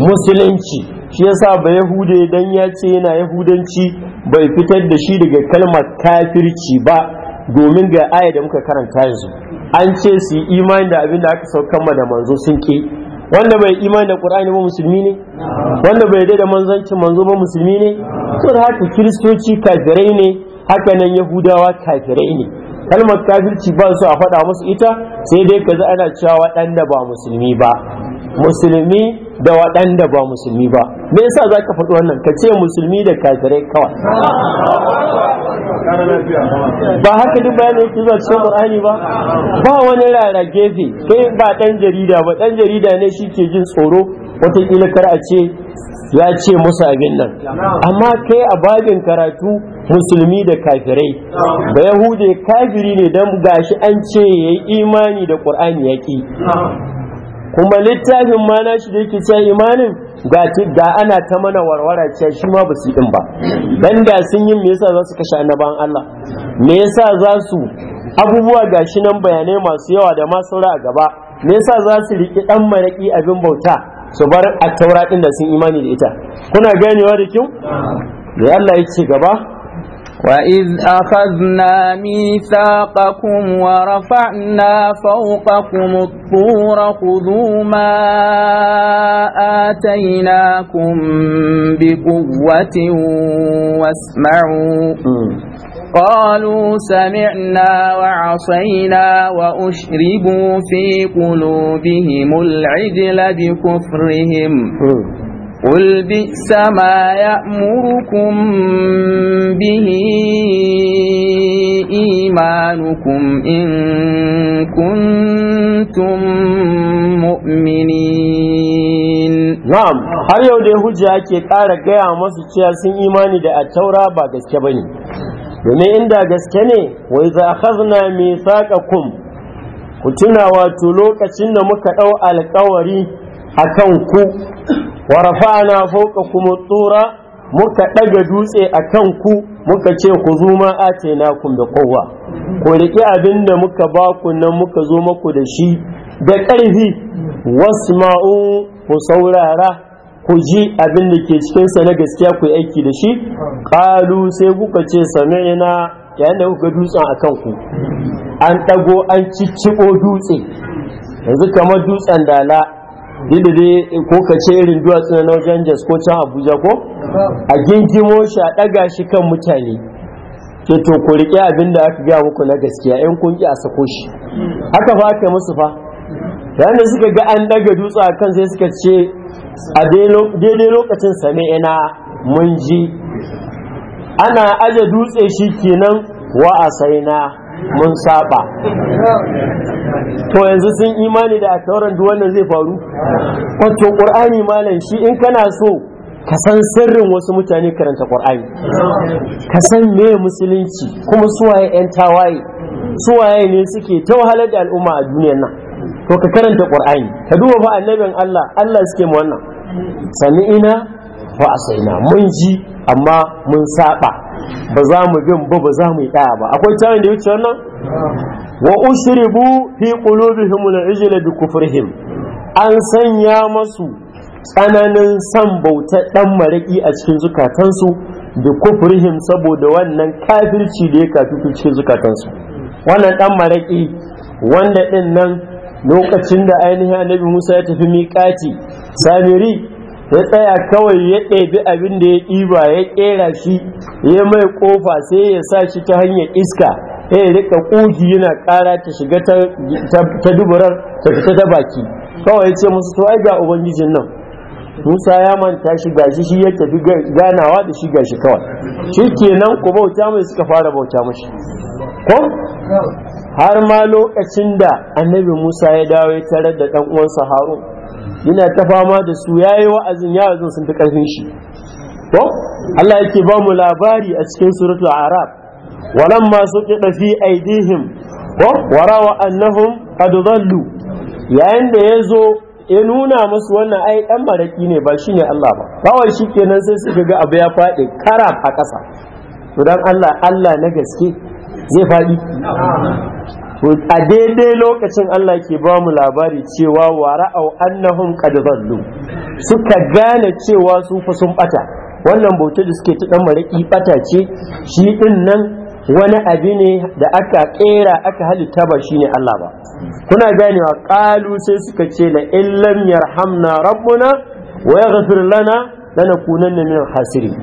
musulunci shi yasa ba yahude dan ya ce yana yahudanci bai fitar da shi daga kalmar kafirci ba domin ga aya da muka karanta yanzu an ce su yi imani da abin da aka saukan ma da manzo sun ke wanda bai imani da qur'ani ba musulmi ne wanda bai da manzancin manzo ba musulmi ne to da haka kiristoci kafirai ne haka nan yahudawa kafirai ne kalmar kafirci ba su a faɗa musu ita sai dai kaza ana cewa waɗanda ba musulmi ba musulmi da waɗanda ba musulmi ba me yasa za ka faɗi wannan ka ce musulmi da kafirai kawai ba haka duk bayanin su zuwa cikin qur'ani ba ba wani rara gefe kai ba ɗan jarida ba ɗan jarida ne shi ke jin tsoro watakila kar a ce ya ce musu abin nan amma kai a babin karatu musulmi da kafirai da yahude kafiri ne don gashi an ce ya yi imani da ƙur'ani yaƙi kuma littafin ma na shi da yake cewa imanin ga ga ana ta mana warwara cewa shi ma ba su din ba dan sun yi me yasa za su kashe annaban Allah me yasa za su abubuwa gashi nan bayanai masu yawa da masu a gaba me yasa za su riki dan maraki abin bauta su bar a taura din da sun imani da ita kuna ganewa da kyau da Allah ya ce gaba وَإِذْ أَخَذْنَا مِيثَاقَكُمْ وَرَفَعْنَا فَوْقَكُمُ الطُّورَ خُذُوا مَا آتَيْنَاكُمْ بِقُوَّةٍ وَاسْمَعُوا قالوا سمعنا وعصينا وأشربوا في قلوبهم العجل بكفرهم قل sama ya يأمركم به إيمانكم إن كنتم مؤمنين har yau dai hujja ke ƙara gaya masu cewa sun imani da attaura ba gaske ba ne domin inda gaske ne wai za a khazna mai saƙa kum ku tuna wato lokacin da muka ɗau alƙawari a kan ku wa rafa'ana fawqa kuma tsura muka ɗaga dutse a kan ku muka ce ku zo ma na kun da kowa ku riƙi abin da muka ba ku nan muka zo maku da shi da ƙarfi wasma'u ku saurara ku ji abin da ke cikinsa na gaskiya ku yi aiki da shi ƙalu sai kuka ce sami'ina yayin da kuka dutsen a kanku an ɗago an cicciɓo dutse yanzu kamar dutsen dala yadda dai ko ka ce irin duwatsu na wajen jas ko can abuja ko a gingimo shi a ɗaga shi kan mutane ke to ku riƙe abin da aka gaya muku na gaskiya yan kun a sako shi haka ba ka musu fa yayin da suka ga an ɗaga dutsu a kan sai suka ce a daidai lokacin same ina mun ji ana aje dutse shi kenan wa a sai na mun saba to yanzu sun imani da a tauran duk wannan zai faru wato qur'ani malam shi in kana so ka san sirrin wasu mutane karanta qur'ani ka san me musulunci kuma suwaye yan tawaye suwaye ne suke ta wahalar da al'umma a duniyar nan to ka karanta ƙur'ani. ka duba fa annabin Allah Allah suke mu wannan ina wa asaina mun ji amma mun saba ba za mu bin ba ba za mu yi ɗaya ba akwai tayin da ya wannan wa usribu fi qulubihim al-ijla bi kufrihim an sanya masu tsananin san bauta ɗan maraki a cikin zukatansu da kufrihim saboda wannan kafirci da ya kafi cikin zukatansu wannan dan maraki wanda din nan lokacin da ainihin annabi Musa ya tafi miƙati samiri ya tsaya kawai ya ɗebi abin da ya ɗiba ya ƙera shi ya mai ƙofa sai ya sa shi ta hanyar iska ya rika ƙugi yana ƙara ta shiga ta duburar ta fita ta baki kawai ya ce musu to ai ga ubangijin nan musa ya manta shi ga shi ya tafi ganawa da shi ga shi kawai shi kenan ku bauta mai suka fara bauta mashi ko har ma lokacin da annabi musa ya dawo ya tarar da ɗan uwansa harun yana ta fama da su yayi wa'azin ya wa'azin sun fi karfin shi to Allah yake ba mu labari a cikin suratul arab walamma suqita fi aidihim ko warawa annahum qad dhallu yayin da yazo ya nuna musu wannan ai dan maraki ne ba shine Allah ba kawai shikenan sai suka ga abu ya faɗi karaf a ƙasa to dan Allah Allah na gaske zai faɗi a daidai lokacin Allah ke ba mu labari cewa wa ra'au annahum qad zallu suka gane cewa su fa sun bata wannan bautar da suke ta dan maraki bata ce shi din nan wani abu ne da aka kera aka halitta ba shine Allah ba kuna ganewa qalu sai suka ce la illam yarhamna rabbuna wa yaghfir lana lanakunanna min khasirin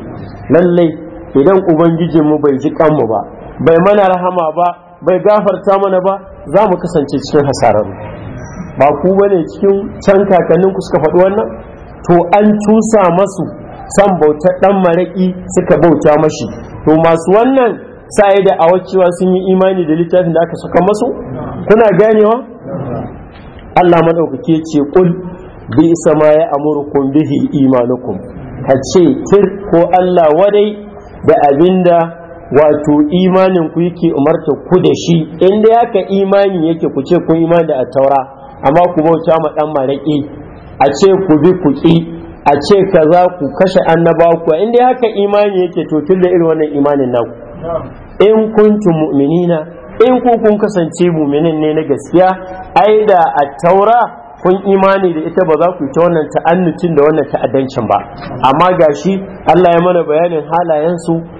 lallai idan ubangijinmu bai ji kanmu ba bai mana rahama ba bai gafarta mana ba za mu kasance cikin hasararru ba ku bane cikin can kakannin ku suka faɗi wannan to an tusa masu san bautar ɗan maraƙi suka bauta mashi to masu wannan sa'ai da awacewa sun yi imani da littafin da aka saka masu kuna ganewa Allah maɗaukake ce ƙul bi isa ma ya amurukum bihi imanukum ka ce tir ko Allah wadai da abinda wato imanin ku yake umarta ku da shi inda haka imani yake ku ce kun imani da taura amma ku bauta ma dan maraki a ce ku bi ku ki a ce kaza ku kashe annaba ku inda haka imani yake to tun da irin wannan imanin naku. in kuntum mu'minina in ku kun kasance mu'minin ne na gaskiya ai da a taura kun imani da ita ba za ku yi ta wannan ta'annucin da wannan ta'addancin ba amma gashi Allah ya mana bayanin halayensu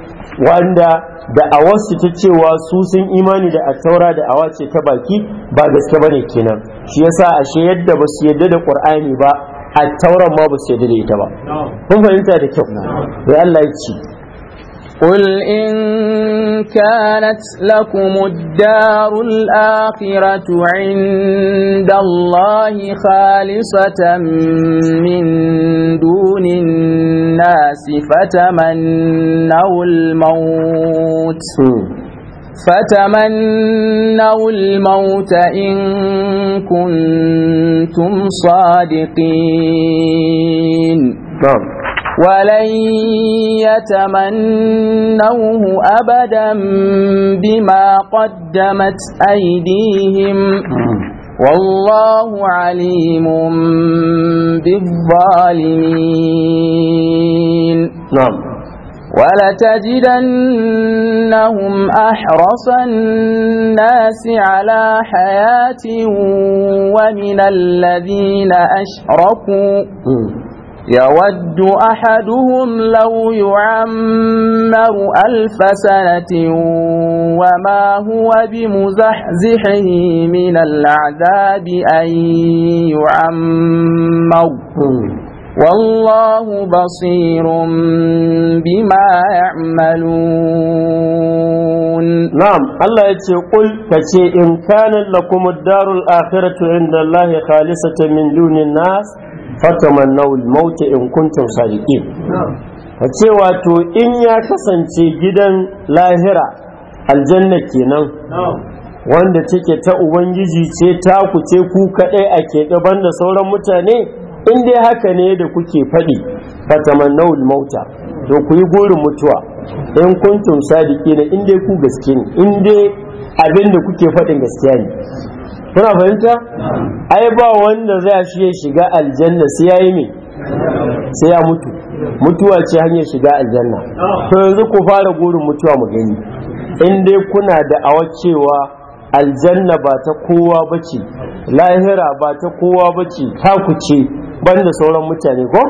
wanda da da'awarsu ta cewa su sun imani da attaura da awa ce ta baki ba gaske bane kenan shi yasa ashe yadda ba su yadda da qur'ani ba attauran ma ba su yadda da ita ba kun fahimta da kyau ya Allah ya ce قل إن كانت لكم الدار الآخرة عند الله خالصة من دون الناس الناس فتمنوا الموت فتمنوا الموت إن كنتم صادقين نعم ولن يتمنوه أبدا بما قدمت أيديهم والله عليم بالظالمين نعم ولتجدنهم أحرص الناس على حياة ومن الذين أشركوا يود أحدهم لو يعمر ألف سنة وما هو بمزحزحه من العذاب أن يعمر والله بصير بما يعملون نعم الله يتي قل تتي إن كان لكم الدار الآخرة عند الله خالصة من دون الناس fatamannau mauta in kuntum sadiƙi. a cewa to in ya kasance gidan lahira aljanna kenan wanda take ta ubangiji ce ta ku ce ku kaɗai a keɓe banda sauran mutane in dai haka ne da kuke faɗi fatamannau mauta to ku yi gurin mutuwa in kuntum na, in dai ku gaske ne in dai abin kuke faɗin gaskiya ne kuna fahimta ai ba wanda zai shi ya shiga aljanna sai yayi me sai ya mutu mutuwa ce hanyar shiga aljanna to yanzu ku fara gurin mutuwa mu gani in dai kuna da awa cewa aljanna ba ta kowa bace lahira ba ta kowa bace ta ku ce banda sauran mutane ko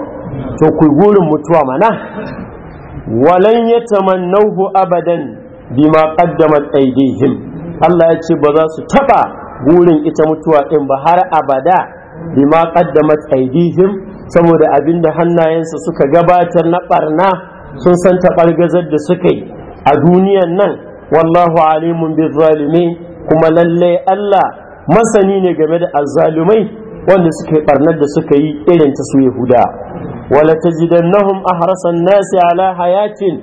to ku gurin mutuwa mana walan yatamannahu abadan bima qaddamat aydihim Allah ya ce ba za su taba burin ita mutuwa ɗin ba har abada bima qaddamat aidihim saboda abinda da hannayensu suka gabatar na barna, sun san taɓargazar da suka yi a duniyan nan wallahu alimun bi zalimi kuma lalle. Allah masani ne game da azzalumai wanda suka yi ɓarnar da suka yi irin ta su Yahuda wala tajidannahum ahrasan nasi ala hayatin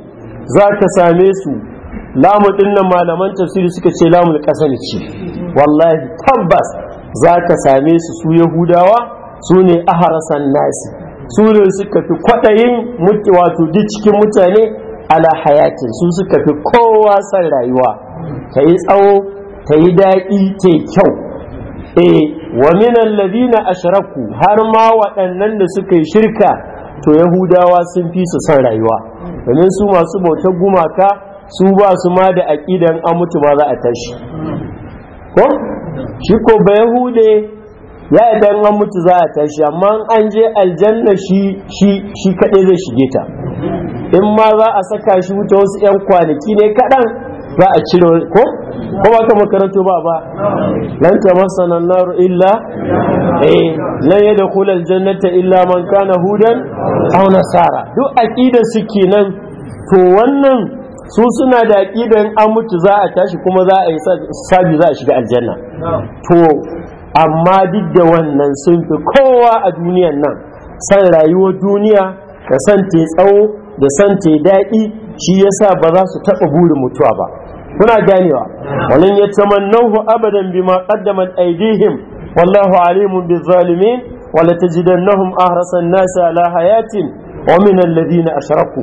zaka same su lamu dinnan malaman tafsiri suka ce lamun ƙasa ne ce wallahi tabbas za ka same su su yahudawa su ne aharasan nasi su ne suka fi kwaɗayin wato duk cikin mutane ala hayatin su suka fi kowa san rayuwa ta yi tsawo ta yi daɗi ta yi kyau E, wa minan ladina ashraku har ma waɗannan da suka yi shirka to yahudawa sun fi su san rayuwa domin su masu bautar gumaka su ba su ma da aƙidan an mutu ma za a tashi ko shi ko ba yahude ya idan an mutu za a tashi amma an je aljanna shi shi shi zai shige ta in ma za a saka shi wuta wasu 'yan kwanaki ne kaɗan za a cire ko ko ba ka makarantu ba ba lan tamassana an naru illa eh lan jannata illa man kana hudan aw nasara duk aqida suke nan to wannan su suna da aqidan an mutu za a tashi kuma za a yi sabi za a shiga aljanna to amma duk da wannan sun fi kowa a duniyan nan san rayuwar duniya da san te tsawo da san te daɗi shi yasa ba za su taɓa burin mutuwa ba kuna ganewa wannan ya tamannahu abadan bima maƙaddamar aydihim wallahu alimun bizzalimin wala tajidannahum ahrasan nasi ala hayatin wa min alladhina ashraku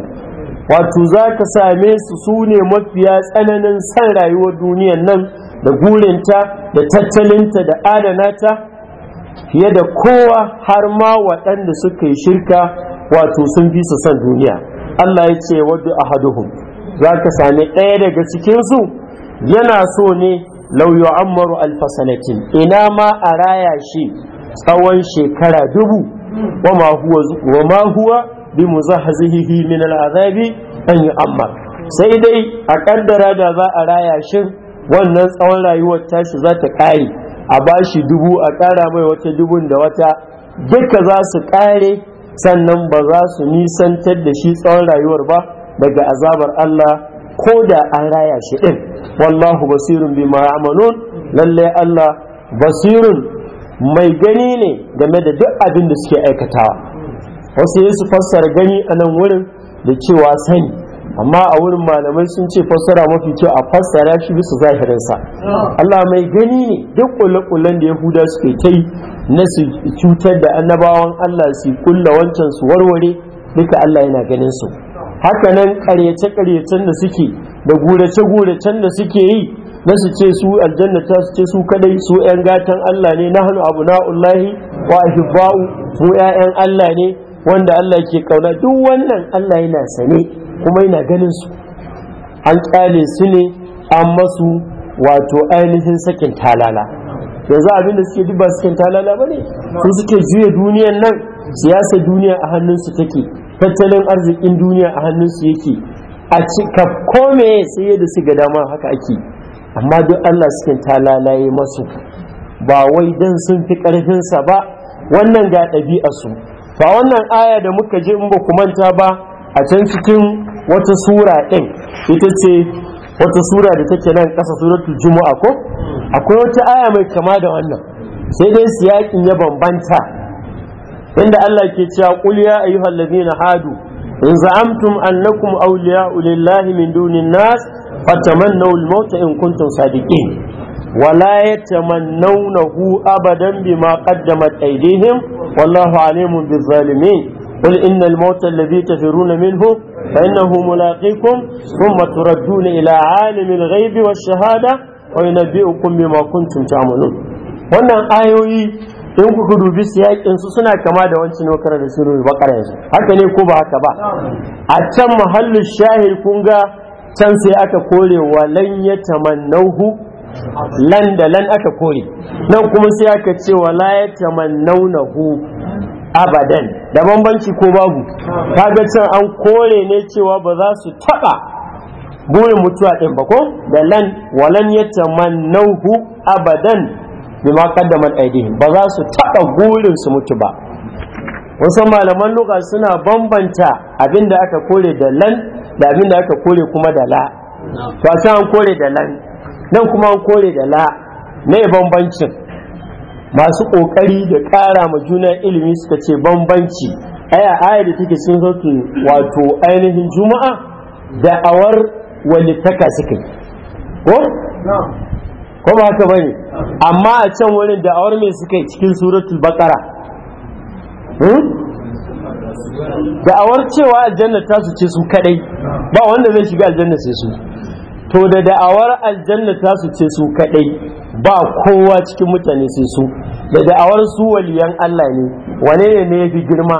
wato za ka same su su ne mafiya tsananin san rayuwar duniyan nan da gurinta da tattalinta da adanata fiye da kowa har ma waɗanda suka yi shirka wato sun fi su san duniya Allah ya ce wadda ahaduhum za ka same ɗaya daga cikinsu yana so ne lauyo ammaru alfasanatin ina ma a raya shi tsawon shekara dubu wa ma huwa bi muzahzihi min al'azabi an yi amma. sai dai a kaddara da za a raya shi, wannan tsawon rayuwar tashi za ta kare a bashi dubu a kara mai wata dubun da wata duka za su kare sannan ba za su nisantar da shi tsawon rayuwar ba daga azabar Allah ko da an raya shi din wallahu basirun bi ya'malun lalle Allah basirun mai gani ne game da duk abin da suke aikatawa wasu ya su fassara gani a nan wurin da cewa sani amma a wurin malamai sun ce fassara mafi kyau a fassara shi bisa zahirinsa Allah mai gani ne duk kullakullan da yahuda suke ta yi na su cutar da annabawan Allah su kulla wancan su warware duka Allah yana ganin su haka nan karyace-karyacen da suke da gurace-guracen da suke yi na su ce su aljanna su ce su kadai su yan gatan Allah ne na nahnu ullahi wa ahibba'u mu 'ya'yan Allah ne wanda Allah ke kauna duk wannan Allah yana sane kuma yana ganin su an kyale su ne an masu wato ainihin sakin talala yanzu abin da suke duba sakin talala ba ne su suke juya duniyan nan siyasa duniya a hannunsu take tattalin arzikin duniya a hannunsu yake a cika kome sai yadda su ga dama haka ake amma duk Allah sakin talala ya masu ba wai dan sun fi ƙarfinsa ba wannan ga ɗabi'a su fa wannan aya da muka je in ba ku manta ba a can cikin wata sura ɗin ita ce wata sura da take nan ƙasa suratul juma'a ko akwai wata aya mai kama da wannan sai dai siyakin ya bambanta inda Allah ke cewa qul ya ayyuhal ladina hadu in za'amtum annakum awliya'u lillahi min dunin nas fatamannaw al-mauta in kuntum sadiqin wala yatamannawnahu abadan bima qaddamat aydihim wallahu alimun bizzalimin قل إن الموت الذي تفرون منه فإنه ملاقيكم ثم تردون إلى عالم الغيب والشهادة وينبئكم بما كنتم تعملون wannan ayoyi in kuka dubi siyakin suna kama da wancan wakar da suru bakara yanzu haka ne ko ba haka ba a can mahallin shahir kun ga can sai aka kore walan ya tamannahu lan da lan aka kore nan kuma sai aka ce wala ya hu abadan da bambanci ko babu kaga can an kore ne cewa ba za su taba burin mutuwa din ba ko da lan walan ya tamannahu abadan bima qaddamat aidihim ba za su taba burin su mutu ba wasu malaman luka suna bambanta abinda aka kore da lan da abinda aka kore kuma da la to an kore da lan nan kuma an kore da la me bambancin masu kokari da kara ma juna ilimi suka ce bambanci aya aya da take sun sauke wato ainihin juma'a da awar taka suka yi ko ko ba haka bane amma a can wurin da awar me suka yi cikin suratul baqara hmm? da awar cewa aljanna ta su ce su kadai ba wanda zai shiga aljanna sai su to da da'awar aljanna ta su ce su kadai ba kowa cikin mutane sai su da da'awar su waliyan Allah ne wane ne ne yafi girma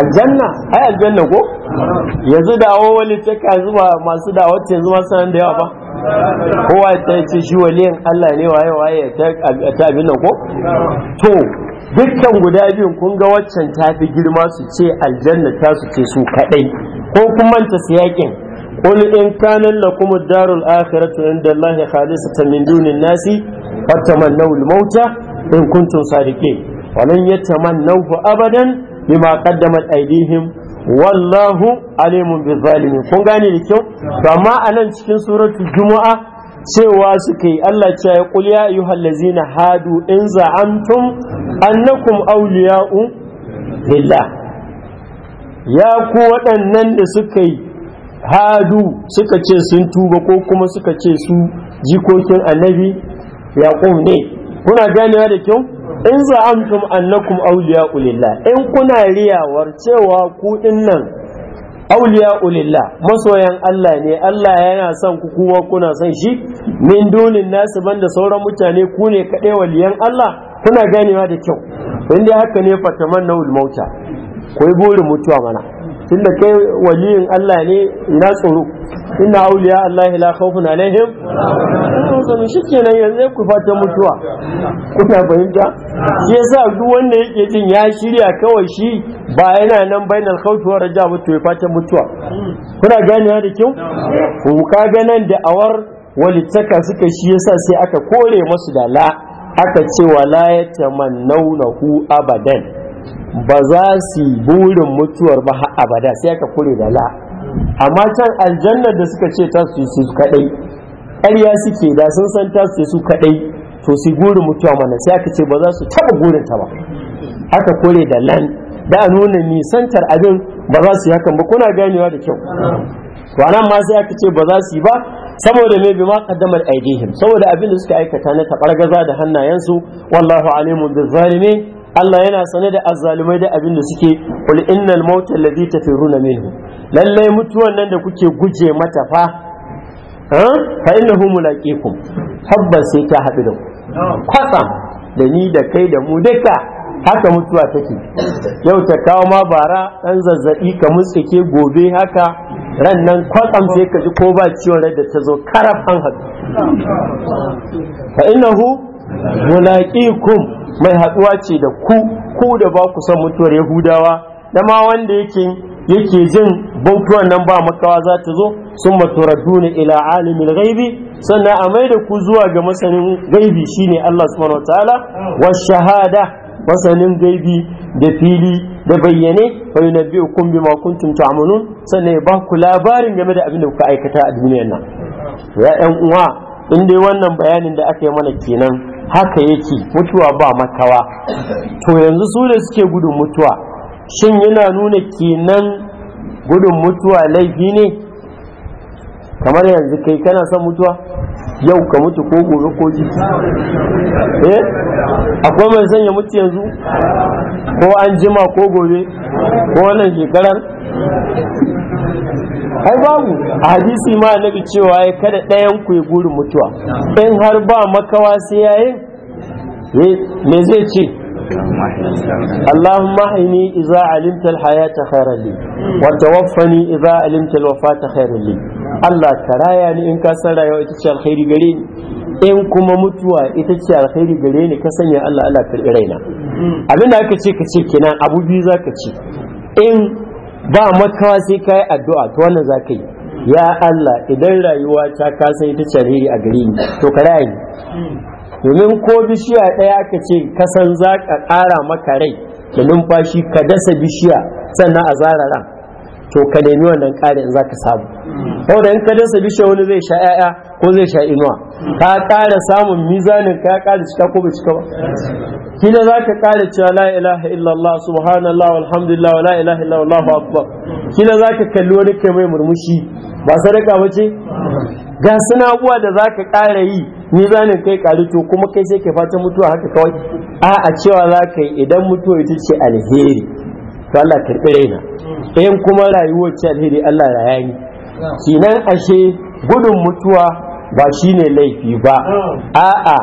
aljanna ai aljanna ko yanzu da'awar wani ta ka zuwa masu da'awar ta yanzu masu da yawa ba kowa ta ce shi waliyan Allah ne waye waye ta abin nan ko to dukkan guda biyun kun ga waccan ta fi girma su ce aljanna ta su ce su kadai ko kun manta su yakin? قل إن كان لكم الدار الآخرة عند الله خالصة من دون الناس فتمنوا الموت إن كنتم صادقين ولن يتمنوه أبدا بما قدمت أيديهم والله عليم بالظالمين kun gane da kyau to ma a nan cikin suratu juma'a cewa suka yi Allah ce ya qul ya ayyuhallazina hadu in za'amtum annakum awliya'u Lilla. ya ku waɗannan da suka yi hadu suka ce sun tuba ko kuma suka ce su jikokin annabi yaqub ne kuna ganewa da kyau in za za'amtum annakum awliya'u lillah in kuna riyawar cewa ku nan auliya ulillah masoyan Allah ne Allah yana son ku kuma kuna son shi min dunin nasu banda sauran mutane ku ne kaɗai waliyan Allah kuna ganewa da kyau inda haka ne fataman na mauta ku yi burin mutuwa mana tunda kai waliyin Allah ne ina tsoro inna auliya Allah la khawfun alaihim sun shikenan yanzu ku fata mutuwa kuna fahimta shi yasa duk wanda yake jin ya shirya kawai shi ba yana nan bainal khawfi wa raja mutu ya fata mutuwa kuna gane da kyau ku ga nan da awar walittaka suka shi yasa sai aka kore masu da la aka ce wala yatamannawnahu abadan ba za su burin mutuwar ba har abada sai aka kure da la amma can aljannar da suka ce ta su su kadai ƙarya suke da sun san ta su su kadai to su burin mutuwa mana sai aka ce ba za su taba burin ta ba aka kure da lan da a nuna nisantar abin ba za su yi hakan ba kuna ganewa da kyau to anan ma sai aka ce ba za su yi ba saboda me bima kaddamar aidihim saboda abin da suka aikata na tabargaza da hannayensu wallahu alimun bizzalimin Allah yana sane da azzalumai da abin da suke qul innal maut alladhi tafiruna minhu lalle mutuwan nan da kuke guje mata fa fa innahu mulaqikum habba sai ta haɗu da ku kwatsam da ni da kai da mu duka haka mutuwa take yau ta kawo ma bara ɗan zazzaɓi ka mutsike gobe haka ran nan kwatsam sai ka ji ko ba ciwon rai da ta zo karaf an haɗu fa innahu mulaqikum mai haɗuwa ce da ku ku da ba ku son mutuwar yahudawa da ma wanda yake yake jin bautuwan nan ba makawa za ta zo sun duni ila alimin gaibi sannan a mai da ku zuwa ga masanin gaibi shine Allah subhanahu wataala wa shahada masanin gaibi da fili da bayyane fa yunabbi'ukum bima kuntum ta'malun sannan ya ba ku labarin game da abin da kuka aikata a duniyar nan ya ƴan uwa in dai wannan bayanin da aka yi mana kenan haka yake mutuwa ba makawa to yanzu su da suke gudun mutuwa shin yana nuna kenan gudun mutuwa laifi ne kamar yanzu kai kana son mutuwa yau ka mutu ko gobe ko ji eh akwai mai ya mutu yanzu ko an jima ko gobe ko wannan shekarar ai babu a hadisi ma annabi cewa ya kada ɗayan ku ya gurin mutuwa in har ba makawa sai yayin eh, me zai ce اللهم احيني اذا علمت الحياه خيرا لي وتوفني اذا علمت الوفاه خيرا لي Allah ka raya ni in ka san rayuwa ita ce alkhairi gare ni in kuma mutuwa ita ce alkhairi gare ni ka sanya Allah Allah karɓi raina abin da aka ce ka ce kenan abu biyu za ka ce in ba makawa sai ka yi addu'a to wannan za ka yi ya Allah idan rayuwa ta ka san ita ce alheri a gare ni to ka raya ni domin ko bishiya ɗaya aka ce kasan za ka ƙara maka rai da numfashi ka dasa bishiya sannan a zara ran to ka nemi wannan ƙarin za ka samu saboda in ka dasa bishiya wani zai sha 'ya'ya ko zai sha inuwa ka ƙara samun mizanin ka ƙara cika ko ba cika ba kina za ka ƙara cewa la ilaha illallah subhanallah walhamdulillah wa la ilaha illallah akbar kina za ka kalli wani kai mai murmushi ba sadaka ba ce ga suna abuwa da za ka ƙara yi mizanin kai ƙari to kuma kai sai ka fata mutuwa haka kawai a'a cewa za ka yi idan mutuwa ita ce alheri to Allah karɓi raina in kuma rayuwar ce alheri Allah raya ni kinan ashe gudun mutuwa ba shine laifi ba a'a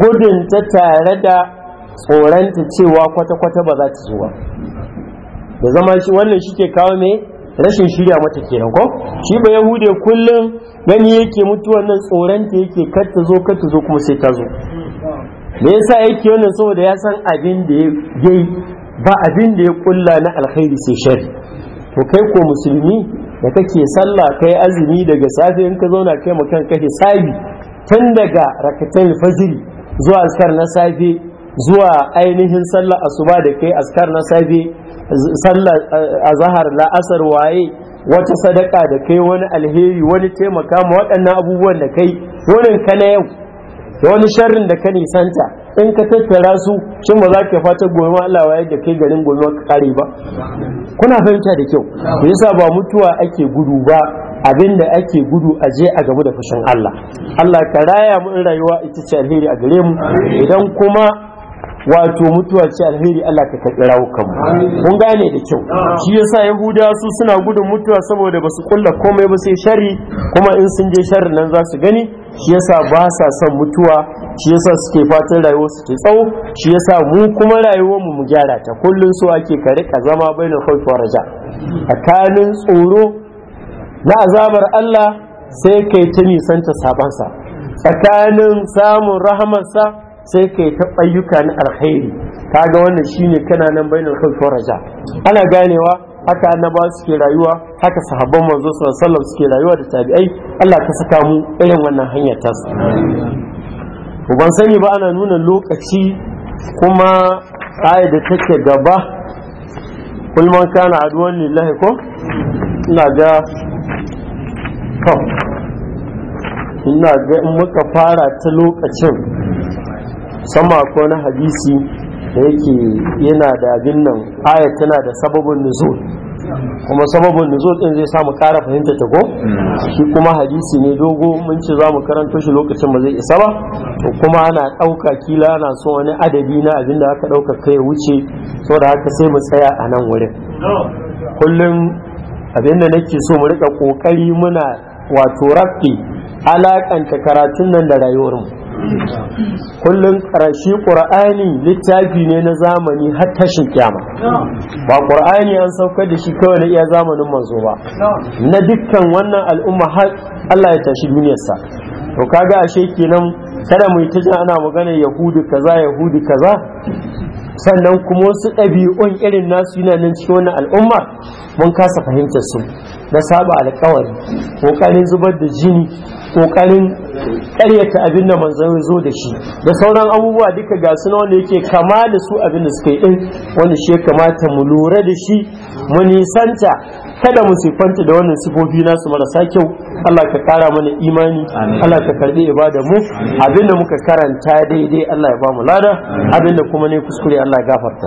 gudun ta tare da tsoranta cewa kwata-kwata ba za ta zo ba da zama shi wannan shi ke kawo ne rashin shirya mata kenan ko shi ba yahude kullum gani yake mutuwan nan tsoranta yake kar ta zo kar ta zo kuma sai ta zo me yasa yake wannan saboda ya san abin da ya yi ba abin da ya kulla na alkhairi sai shari to kai ko musulmi da kake sallah kai azumi daga safe in ka zauna kai mutan ka hisabi tun daga rakatai fajiri zuwa askar na safe zuwa ainihin sallar asuba da kai askar na safe sallar eh, azhar la asar waye wata sadaka da kai wani alheri wani taimaka ma waɗannan abubuwan da kai wurin ka na yau wani sharrin da ka nisanta in ka tattara su shin ba za ka fata gobe ma Allah waye da kai garin gobe ka kare ba kuna fahimta da kyau me yasa ba mutuwa ake gudu ba abinda ake gudu a je a gaba da fushin Allah Allah ka raya mu in rayuwa ita ce alheri a gare mu idan kuma wato mutuwa ce alheri Allah ka karɓi rawukan mun gane da kyau shi yasa yahudawa su suna gudun mutuwa saboda basu kulla komai ba sai shari kuma in sun je sharri nan za su gani shi yasa ba sa son mutuwa shi yasa suke fatan rayuwar su ta tsawo shi yasa mu kuma rayuwar mu gyara ta kullun su ake ka rika zama bainal khawfi wa raja tsakanin tsoro na azabar Allah sai kai ta nisanta sabansa tsakanin samun rahamarsa sai kai ta ayyuka na alkhairi kaga wannan shine kana nan bainal khawfi wa raja ana ganewa haka annaba suke rayuwa haka sahabban manzo sallallahu alaihi wasallam suke rayuwa da tabi'ai Allah ka saka mu irin wannan hanyar tasu ban sani ba ana nuna lokaci kuma ayat da take gaba kulman kana aduwan lillahi ko ina ga ina ga in muka fara ta lokacin sama ko na hadisi da yake yana da abin nan ayat tana da sababin nuzul kuma sababin nuzul din zai samu kara fahimta ta go? Hmm. shi kuma hadisi ne dogo mun ce za mu karanto shi lokacin ba zai isa ba to kuma ana ɗauka kila ana so wani adadi na abin da aka ɗauka kai wuce saboda haka sai mu tsaya a nan wurin kullum abin da nake so mu rika kokari muna wato rafi alaƙanta karatun nan da rayuwarmu kullum shi ƙura'ani littafi ne na zamani har tashin kyama ba ƙur'ani an saukar da shi kawai na iya zamanin manzo ba na dukkan wannan al'umma har Allah ya tashi duniyarsa to kaga ashe kenan kada mu yi ta ana magana yahudu kaza yahudu kaza sannan kuma wasu ɗabi'un irin nasu yana nan cikin wannan al'ummar mun kasa fahimtar su na saba alkawari kokarin zubar da jini kokarin karyata abin da manzon zo da shi da sauran abubuwa duka ga suna wanda yake kama da su abin da suka yi din wanda shi ya kamata mu lura da shi mu nisanta kada mu siffanta da wannan sifofi nasu marasa kyau Allah ka kara mana imani Allah ka karbi ibada mu abinda muka karanta daidai Allah ya ba mu lada abinda kuma ne kuskure Allah ya gafarta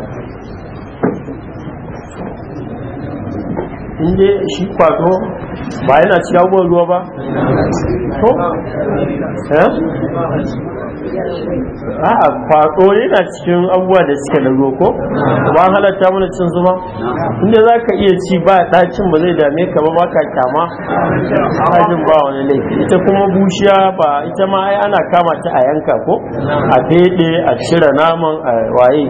inda shi kwato ba yana ci abubuwan ruwa ba to eh? Ah, kwato yana cikin abubuwa da suke da ruwa ko ba halatta mana cin zuma? inda za ka iya ci ba ɗacin ba zai dame ka ba ba ka kama hajin ba wani laifi ita kuma bushiya ba ita ma ai ana kama ta a yanka ko a feɗe a cire naman a waye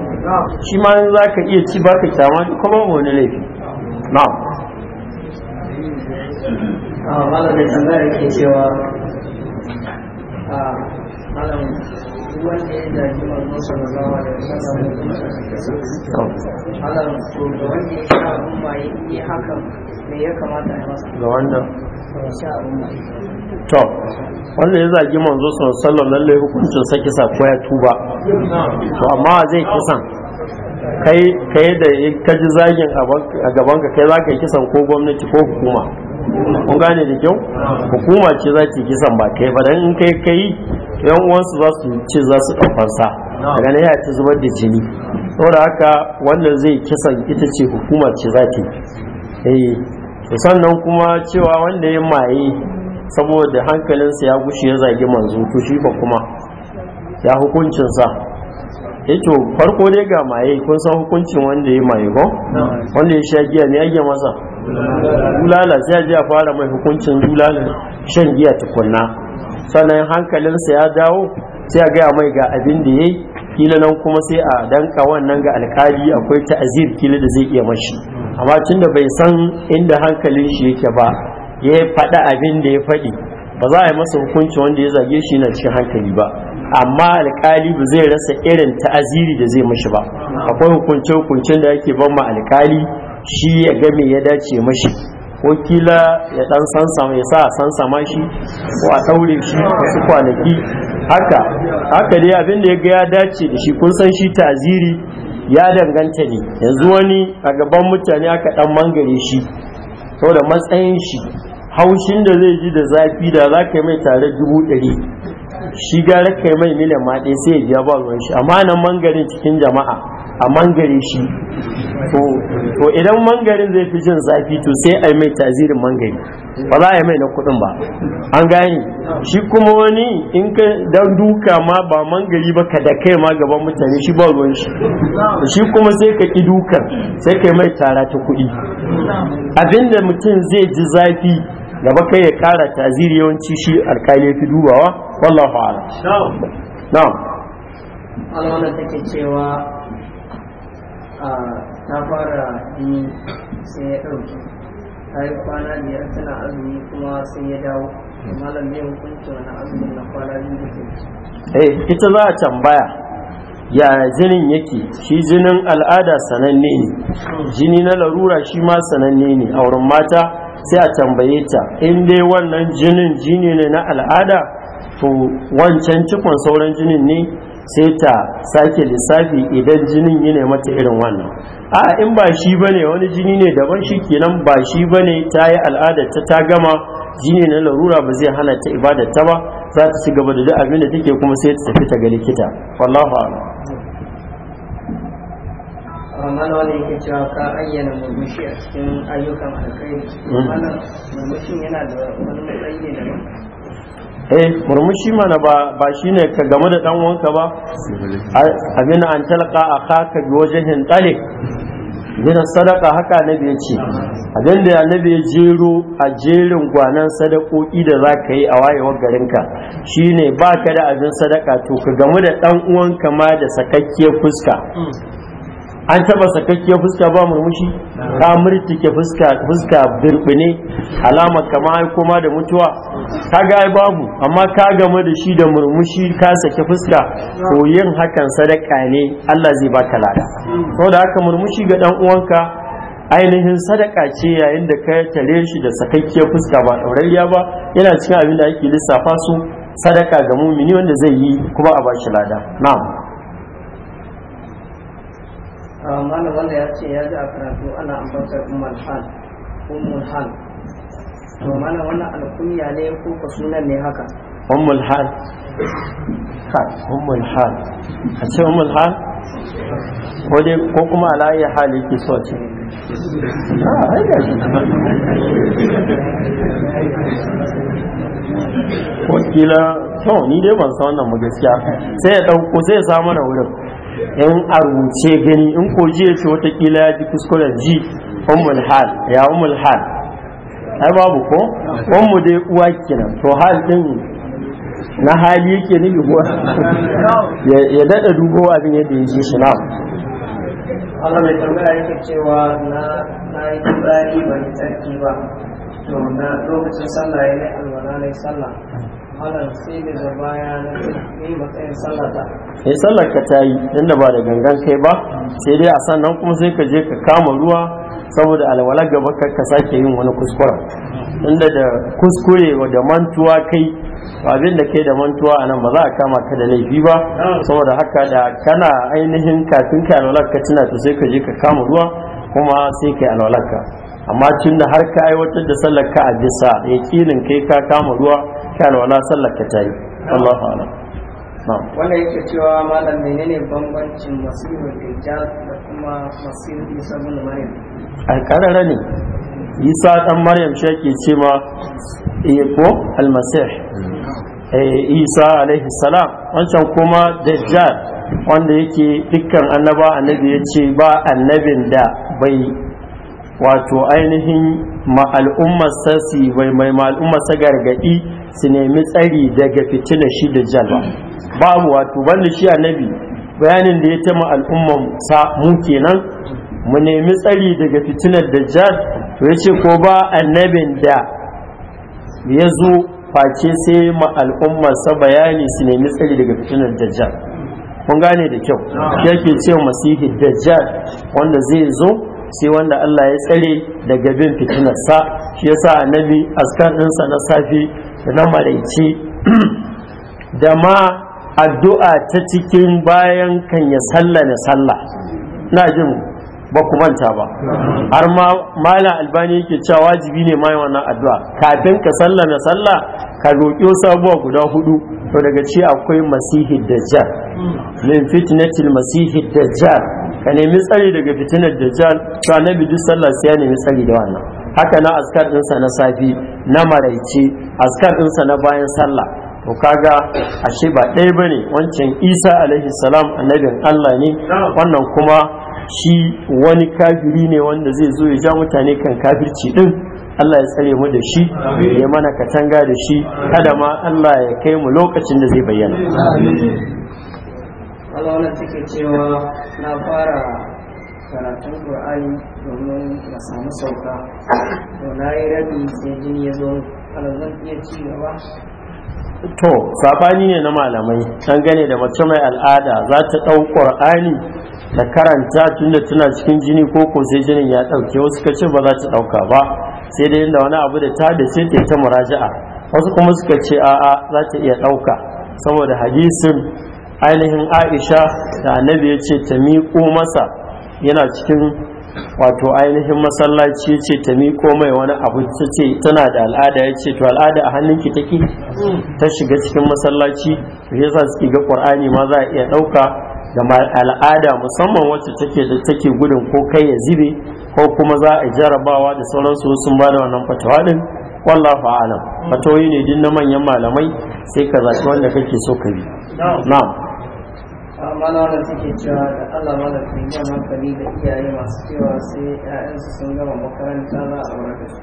shi ma za ka iya ci ba ka kyama kuma wani laifi na'am a ah, malamin tambaya ke cewa a ah, malamin wanda ya zagi manzo sallallahu alaihi wasallam kuma malamin to da wanda ya sha abun maye ne hakan me ya kamata ya masa ga wanda to wanda ya zagi manzo sallallahu alaihi wasallam lalle hukuncin sa kisa ko ya tuba to amma zai kisan kai da ka ji zagin a gaban ka kai za ka yi kisan ko gwamnati ko hukuma kun gane da kyau hukuma ce za ta kisan ba kai ba dan in kai kai yan uwansu za su ce za su daga ne ya ta zubar da jini saboda haka wannan zai kisan ita ce hukuma ce za ta yi eh, sannan kuma cewa wanda ya maye saboda hankalinsa ya gushe ya zagi manzo to shi ba kuma ya hukuncin sa. Eh to farko dai ga maye kun san hukuncin wanda ya maye ba? wanda ya sha giya ne ake masa bulala sai ya a fara mai hukuncin bulala shan giya tukunna sannan hankalinsa ya dawo sai a gaya mai ga abin da ya yi kila nan kuma sai a danka wannan ga alkali akwai ta'azir kila da zai iya mashi amma da bai san inda hankalin shi yake ba ya faɗa abin da ya faɗi ba za a yi masa hukunci wanda ya zage shi na cikin hankali ba amma alkali ba zai rasa irin ta'aziri da zai mashi ba akwai hukunce hukuncen da yake ban ma alkali shi ya ga me ya dace mashi wakila ya dan sama ya sa sansama shi ko a daure shi wasu kwanaki haka haka dai abin da ya ga ya dace da shi kun san shi ta'aziri ya danganta ne yanzu wani a gaban mutane aka dan mangare shi saboda matsayin shi haushin da zai ji da zafi da za ka yi mai tare dubu ɗari shi gara kai mai miliyan ma ɗaya sai ya biya ba ruwan shi amma nan mangarin cikin jama'a a mangare shi to idan mangarin zai fi jin zafi to sai a mai tazirin mangari ba za a yi mai na kuɗin ba an gane shi kuma wani in ka dan duka ma ba mangari ba ka da kai ma gaban mutane shi ba ruwan shi shi kuma sai ka ki dukan sai ka yi mai tara ta kuɗi abinda mutum zai ji zafi gaba kai ya kara taziri yawanci shi alkali ya fi dubawa wallahu ala na alwala take cewa ta fara jini sai ya ɗauki ta yi kwana biyar tana azumi kuma sai ya dawo malam ne hukunci wani azumin na kwana biyu da ke eh ita za a tambaya ya jinin yake shi jinin al'ada sananne ne hmm. jini na larura shi ma sananne ne a wurin mata sai a tambaye ta in dai wannan jinin jini ne na al'ada to wancan cikon sauran jinin ne sai ta sake lissafi idan jinin yi ne mata irin wannan a in ba shi ba ne wani jini ne daban shi kenan ba shi ba ne ta yi al'adar ta ta gama jini na larura ba zai hana ta ibadar ta ba za ta ci gaba da duk abin da take kuma sai ta tafi ta ga likita wallahu a'lam mana wani yake cewa ka ayyana murmushi a cikin ayyukan alkhairi hmm. wannan murmushin yana da wani matsayi ne da eh murmushi mana ba shi ne ka game da dan wanka ba abin an a kaka bi hin ɗale, gina sadaka haka na biya ce abin da annabi ya jero a jerin gwanan sadakoki da za ka yi a wayewar garinka ne ba ka da abin sadaka to ka gamu da dan uwanka ma da sakakke fuska hmm. an taba sakakkiyar fuska ba murmushi ka murtike fuska fuska birbine alama kama ai koma da mutuwa kaga ai babu amma ka game da shi da murmushi ka sake fuska ko yin hakan sadaka ne Allah zai baka lada da haka murmushi ga dan uwanka ainihin sadaka ce yayin da ka tare shi da sakakkiyar fuska ba ɗaurayya ba yana cikin abin da ake lissafa su sadaka ga mumini wanda zai yi kuma a bashi lada na'am malam wanda ya ce ya ji a karatu ana ambatar Umar hal Umar hal to wannan alkunya ne sunan ne haka Umar hal ka hal a ce Umar hal ko kuma hali ke so ce ko ah, kila ni dai ban san wannan mu gaskiya sai ya dauko sai ya samu na wurin in a rubuce gani in ko ji ya ce watakila ya ji kuskuren ji umul hal ya umul hal ai babu ko umu dai uwa kenan to hal din na hali yake ne yugo ya dada dubo abin yadda ya ji shi na Allah mai tambaya yake cewa na na yi tsari ban tsarki ba to na lokacin sallah ya ne alwala ne sallah ya sallar ka ta yi inda ba da gangan kai ba sai dai a sannan kuma sai ka je ka kama ruwa saboda alwala gaba ka sake yin wani kuskura inda da kuskure da mantuwa kai abin da kai da mantuwa a nan ba za a kama ka da laifi ba saboda haka da kana ainihin kafin ka alwala ka tuna to sai ka je ka kama ruwa kuma sai ka alwala ka amma tun da har ka aiwatar da sallar ka a bisa yakinin kai ka kama ruwa ka wala sallar ka tayi Allahu a'lam wanda yake cewa malam menene bambancin da dajjal da kuma masirul isa bin maryam a karara ne isa dan maryam shi ake ce ma ko almasih isa alaihi salam wancan kuma dajjal wanda yake dukkan annaba annabi ya ce ba annabin da bai wato ainihin ma'al'ummar sassi bai mai Sagar gargaɗi su nemi tsari daga fitina shi da jalwa babu wato banda shi annabi bayanin da ya tama al'umman sa mu kenan mu nemi tsari daga fitinar jal to ya ce ko ba annabin da ya zo face sai ma al'ummar sa bayani su nemi tsari daga fitinar da jal kun gane da kyau ya yake ce da jal wanda zai zo sai wanda Allah ya tsare daga bin sa, shi yasa annabi askar ɗinsa na safe da na maraice da ma addu'a ta cikin bayan kan ya salla na sallah na jin ba ku manta ba har ma malam albani yake cewa wajibi ne mai wannan addu'a kafin ka salla na sallah ka roƙi wasu abubuwa guda hudu to daga ce akwai masihi dajjal min fitnatil masihi jar. ka nemi tsari daga fitinar dajjal to annabi duk sallah sai ya nemi tsari da wannan haka na askar ɗinsa na safi na maraice askar ɗinsa na bayan sallah to kaga ashe ba ɗaya bane wancan isa alaihi salam annabin allah ne wannan kuma shi wani kafiri ne wanda zai zo ya ja mutane kan kafirci din Allah ya tsare mu da shi ya mana katanga da shi kada ma Allah ya kai mu lokacin da zai bayyana Allah wannan take cewa na fara karatun Qur'ani domin na samu sauka to na yi rabi sai jini ya zo zan iya ci gaba to sabani ne na malamai gane da mace mai al'ada za ta ɗau ƙur'ani ta karanta tunda tana cikin jini ko ko sai jinin ya ɗauke wasu ka ce ba za ta ɗauka ba sai dai inda wani abu da ta da sai ta ta muraja'a wasu kuma suka ce a'a za ta iya ɗauka saboda hadisin ainihin aisha da annabi ya ce ta miƙo masa yana cikin wato ainihin masallaci ya ce ta miƙo mai wani abu ta ce tana da al'ada ya ce to al'ada a hannunki take ta shiga cikin masallaci to ya sa suke ga qur'ani ma za a iya ɗauka da al'ada musamman wacce take da take gudun ko kai ya zube ko kuma za a jarabawa da sauransu sun ba da wannan fatawa din wallahu alam fatawoyi ne din na manyan malamai sai ka zaɓi wanda kake so ka bi na'am mana da suke cewa da Allah ma da kunyan hankali da iyaye masu cewa sai ‘ya'yansu sun gama makaranta za a wura da su.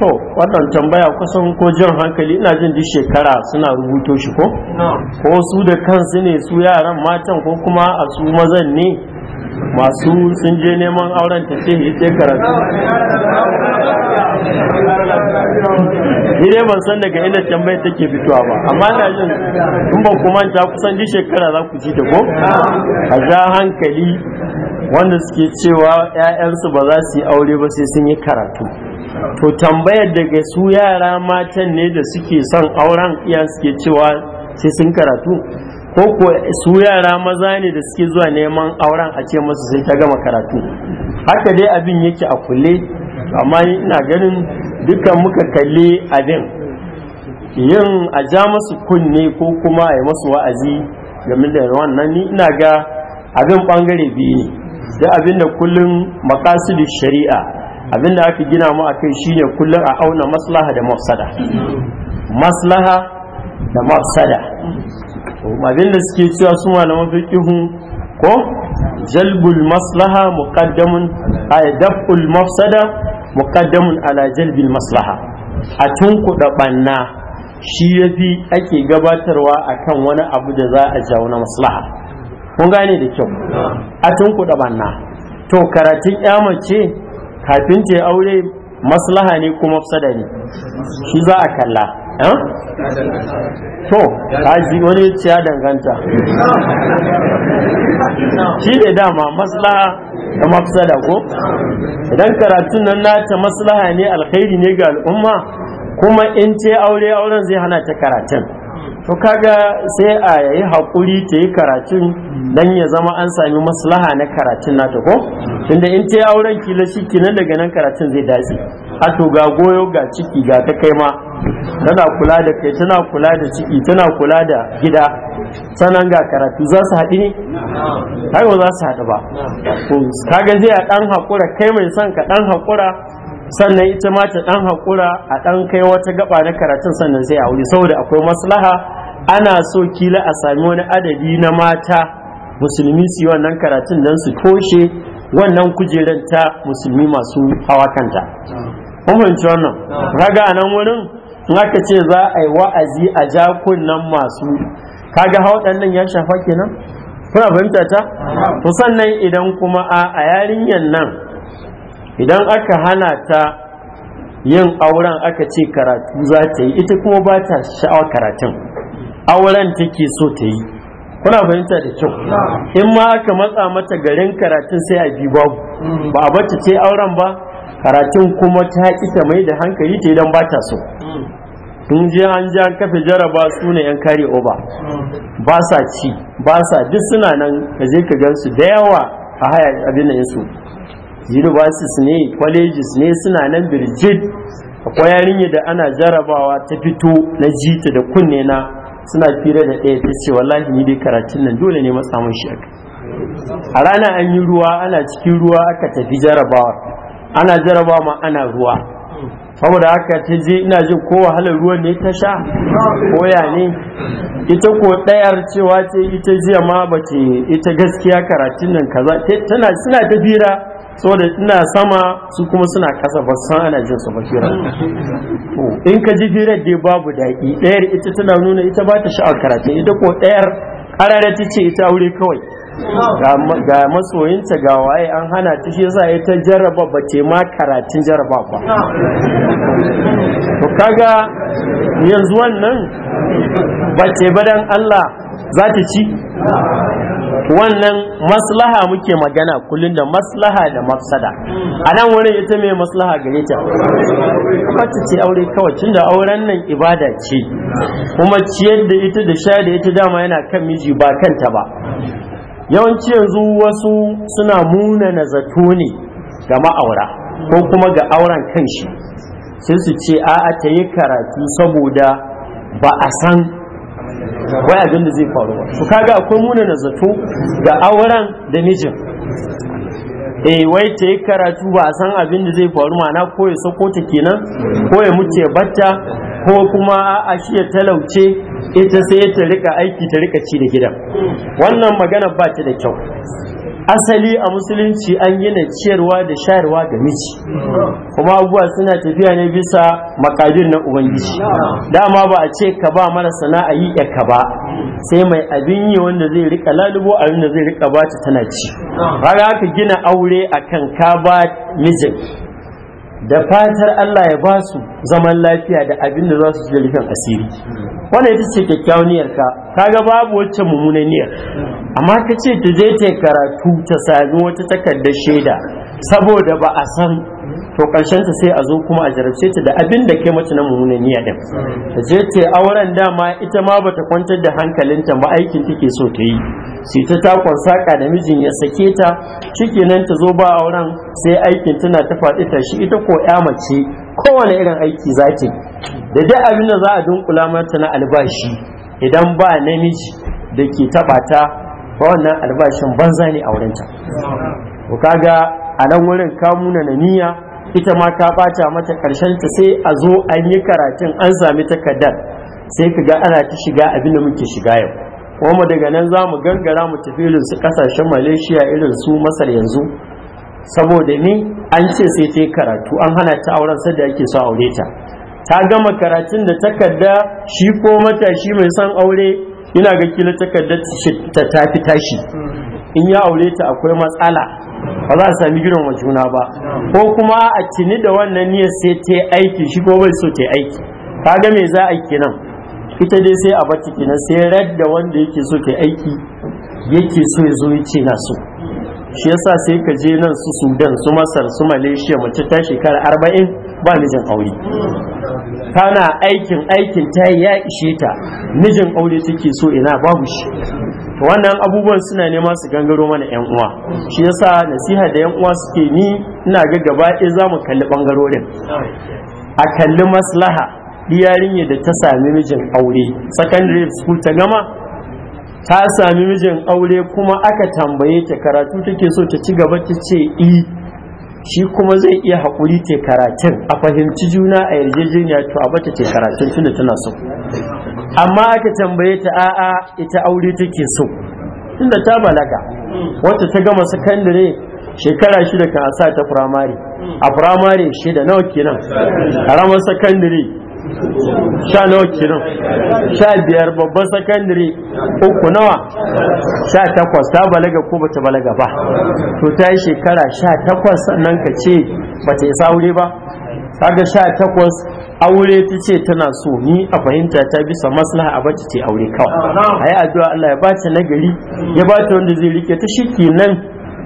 To, wannan tambaya kusan ko jan hankali ina jin duk shekara suna rubuto shi ko? Ko su da kansu ne su yaran matan ko kuma a su mazan ne masu sun je neman auren ta ce ita karatu ni dai ban san daga inda tambayar take fitowa ba amma na jin in ba kuma ta kusan ji shekara za ku ji ta ko a ja hankali wanda suke cewa 'ya'yansu ba za su yi aure ba sai sun yi karatu to tambayar daga su yara matan ne da suke son auren iya suke cewa sai sun karatu ko ko su yara maza ne da suke zuwa neman auren a ce masu sai ta gama karatu haka dai abin yake a kulle amma ina ganin dukkan muka kalli abin yin a ja masu kunne ko kuma a yi masu wa'azi game da wannan ni ina ga abin bangare biyu da abin da kullum makasidu shari'a abin da aka gina mu a kai shine kullum a auna maslaha da mafsada maslaha da mafsada abinda suke cewa su malaman fiqhu ko jalbul maslaha muqaddamun daf'ul mafsada muqaddamun ala jalbil maslaha a tunkuɗa ɓanna shi yafi ake gabatarwa akan wani abu da za a jawo na maslaha kun gane da kyau a tunkuɗa ɓanna to karatun mace kafin ta aure maslaha ne ko mafsada ne shi za a kalla Eh? to kaji wani ya danganta shi ne dama maslaha da mafsada ko idan karatun nan na ta maslaha ne alkhairi ne ga al'umma kuma in ce aure auren zai hana ta karatun to kaga sai a yayi haƙuri ta yi karatun dan ya zama an sami maslaha na karatun nata ko tunda in ta yi auren kila shi kinan daga nan karatun zai dace a to ga goyo ga ciki ga ta kai ma tana kula da kai tana kula da ciki tana kula da gida sanan ga karatu za su haɗi ne haka za su haɗu ba kaga zai a ɗan haƙura kai mai son ka ɗan haƙura sannan ita ma ta dan haƙura a dan kai wata gaba na karatun sannan zai a saboda akwai maslaha ana so kila a sami wani adadi na mata musulmi su yi wannan karatun don su toshe wannan kujerar ta musulmi masu hawa kanta kun fahimci wannan raga a nan wurin in ce za a yi wa'azi a jakunan masu kaga hawa nan ya shafa kenan kuna fahimta ta to sannan idan kuma a yarinyar nan idan aka hana ta yin auren aka ce karatu za ta yi ita kuma ba ta sha'awar karatun auren take so ta yi kuna fahimta da kyau in ma aka matsa mata garin karatun sai a bi babu ba a bata ce auren ba karatun kuma ta ita mai da hankali ta idan ba ta so Tun ji an ji an kafe jaraba su ne yan kare oba ba sa ci ba sa duk suna nan ka je ka gan da yawa a haya abin da su universities ne colleges ne suna nan birjit akwai yarinya da ana jarabawa ta fito na jita da kunne na suna fira da ɗaya ta ce wallahi ni dai karatun nan dole ne matsa mun shek a rana an yi ruwa ana cikin ruwa aka tafi jarabawa ana jarabawa ma ana ruwa saboda haka ta je ina jin ko wahalar ruwan ne ta sha koya ne ita ko ɗayar cewa ce ita jiya ma ba ce ita gaskiya karatun nan kaza tana suna ta da ina sama su kuma suna kasa ba san ana jin su ba in ka ji hirar dai babu daɗi ɗayar ita tana nuna ita ba ta sha'awar karatu ita ko ɗayar ƙararar ta ce ita aure kawai ga masoyinta ga waye an hana ta shi yasa ita jarraba ba ce ma karatun jarraba ba to kaga yanzu wannan ba ce dan Allah za ta ci wannan maslaha muke magana kullum da maslaha da mafsada a nan wurin ita mai maslaha gare ta kwata ce aure kawai tun da auren nan ibada ce kuma ciyar da ita da sha da ita dama yana kan miji ba kanta ba yawanci yanzu wasu suna muna na zato ne ga ma'aura ko kuma ga auren kanshi sai su ce a'a ta yi karatu saboda ba a san wai abin da zai faru ba to kaga akwai na zato ga auren da mijin E, wai ta yi karatu ba a san abin da zai faru mana ko ya sako ta kenan ko ya mutu ya batta ko kuma a shi ya talauce ita sai ta rika aiki ta rika ci da gidan wannan magana ba ta da kyau asali a musulunci an gina ciyarwa da shayarwa ga miji kuma abubuwa suna tafiya ne bisa makadir na ubangiji dama ba a ce ka ba mara sana'a yi ya ka ba sai mai abin yi wanda zai rika lalubo abin da zai rika bata tana ci Rara haka gina aure akan ka ba mijin da fatar Allah ya ba su zaman lafiya da abin da za su ji rufin asiri wannan ita ce kyakkyawan niyyarka kaga babu wacce mummunan niyar. amma ka ce ta je ta karatu ta sami wata takardar shaida saboda ba a san to karshen sa sai a zo kuma a jarabce ta da abin da kai mace na mummuna niyya din ta je ce auren dama ita ma bata kwantar da hankalinta ba aikin take so ta yi sai ta takon saka da mijin ya sake ta nan ta zo ba auren sai aikin tana ta faɗi ta shi ita ko ya mace kowane irin aiki za da dai abin da za a dunkula mata na albashi idan ba namiji da ke taɓa ta wannan albashin banza ne a wurinta. Ka ga a nan wurin kamuna na niyya ita ma ka ɓata mata ƙarshen ta sai a zo an yi karatun an sami takardar sai ka ga ana ta shiga abin da muke shiga yau kuma daga nan za mu gangara mu tafi irin su ƙasashen malaysia irin su masar yanzu saboda ni an ce sai ta yi karatu an hana ta auren da ake so aure ta ta gama karatun da takarda shi ko matashi mai son aure yana ga kila takarda ta tafi tashi hmm. in ya aure ta akwai matsala ba za a sami girin wa juna ba ko kuma a tuni da wannan niyyar sai ta yi aiki shi ko bai so ta yi aiki kaga me za a kenan ita dai sai a bata kenan sai da wanda yake so ta aiki yake so ya zo ya ce na so shi yasa sai ka je nan su sudan su masar su malaysia mace ta shekara arba'in ba mijin aure tana aikin aikin ta ya ishe ta mijin aure take so ina babu shi to wannan abubuwan suna nema su gangaro mana yan uwa shi yasa nasiha da yan uwa suke ni ina ga gaba ɗaya za mu kalli bangarorin a kalli maslaha yarinya da ta sami mijin aure secondary school ta gama ta sami mijin aure kuma aka tambaye ta karatu take so ta ci gaba ta ce i eh, shi kuma zai iya haƙuri ta karatun a fahimci juna a yarjejeniya to a bata ce karatun tunda tana so amma aka tambaye ta a'a ita aure take so tunda ta balaga wacce ta gama sakandare shekara shida kan asa ta firamare a firamare shida nawa kenan karamar sakandare sha nawa kenan sha biyar babban sakandare uku nawa sha takwas ta balaga ko bata balaga ba to ta yi shekara sha takwas sannan ka ce bata isa aure ba kaga sha takwas aure ta ce tana so ni a fahimta ta bisa maslaha a bace ce aure kawai a yi addu'a Allah ya bata nagari ya bata wanda zai rike ta shi kenan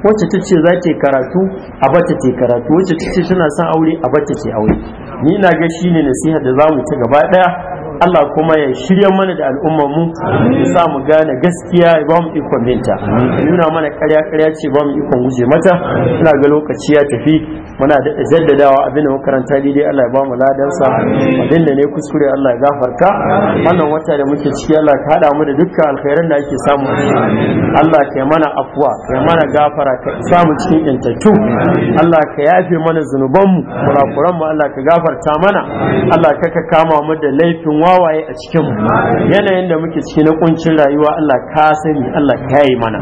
wacce ta ce za ta yi karatu a bace ta karatu wacce ta ce tana son aure a bace ce aure ni na ga shi ne nasiha da za mu ta gaba ɗaya Allah kuma ya shirya mana da al'ummar mu ya sa mu gane gaskiya ya ba mu ikon binta nuna mana karya-karya ce ba mu ikon guje mata ina ga lokaci ya tafi muna da jaddadawa abin da makaranta daidai Allah ya ba mu ladansa abin da ne kuskure Allah ya gafarta wannan wata da muke ciki Allah ka hada mu da dukkan alkhairan da ake samu Allah ka yi mana afuwa ka yi mana gafara ka samu cikin intattu Allah ka yafe mana zunubanmu kurakuran mu Allah ka gafarta mana Allah ka ka kama mu da laifin wawaye a cikin mu yanayin da muke ciki na kuncin rayuwa Allah ka sani Allah ka yi mana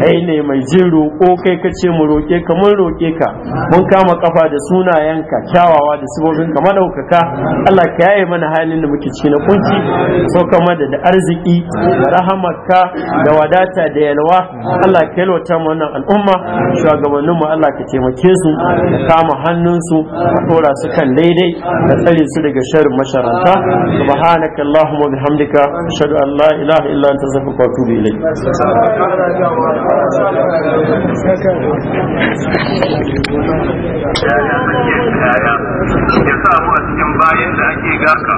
kai ne mai jin roƙo kai ka ce mu roƙe ka mun roƙe ka mun kama kafa da sunayenka kyawawa da sibobin ka madaukaka Allah ka yi mana halin da muke ciki na kunci So kamar da arziki da rahamarka da wadata da yalwa Allah ka yalwata wannan al'umma mu Allah ka taimake su ka kama hannunsu ka tora su kan daidai ka tsare su daga sharrin masharanta سبحانك اللهم وبحمدك أشهد أن لا إله إلا أنت أستغفرك وأتوب إليك ya samu a cikin bayan da ake gaka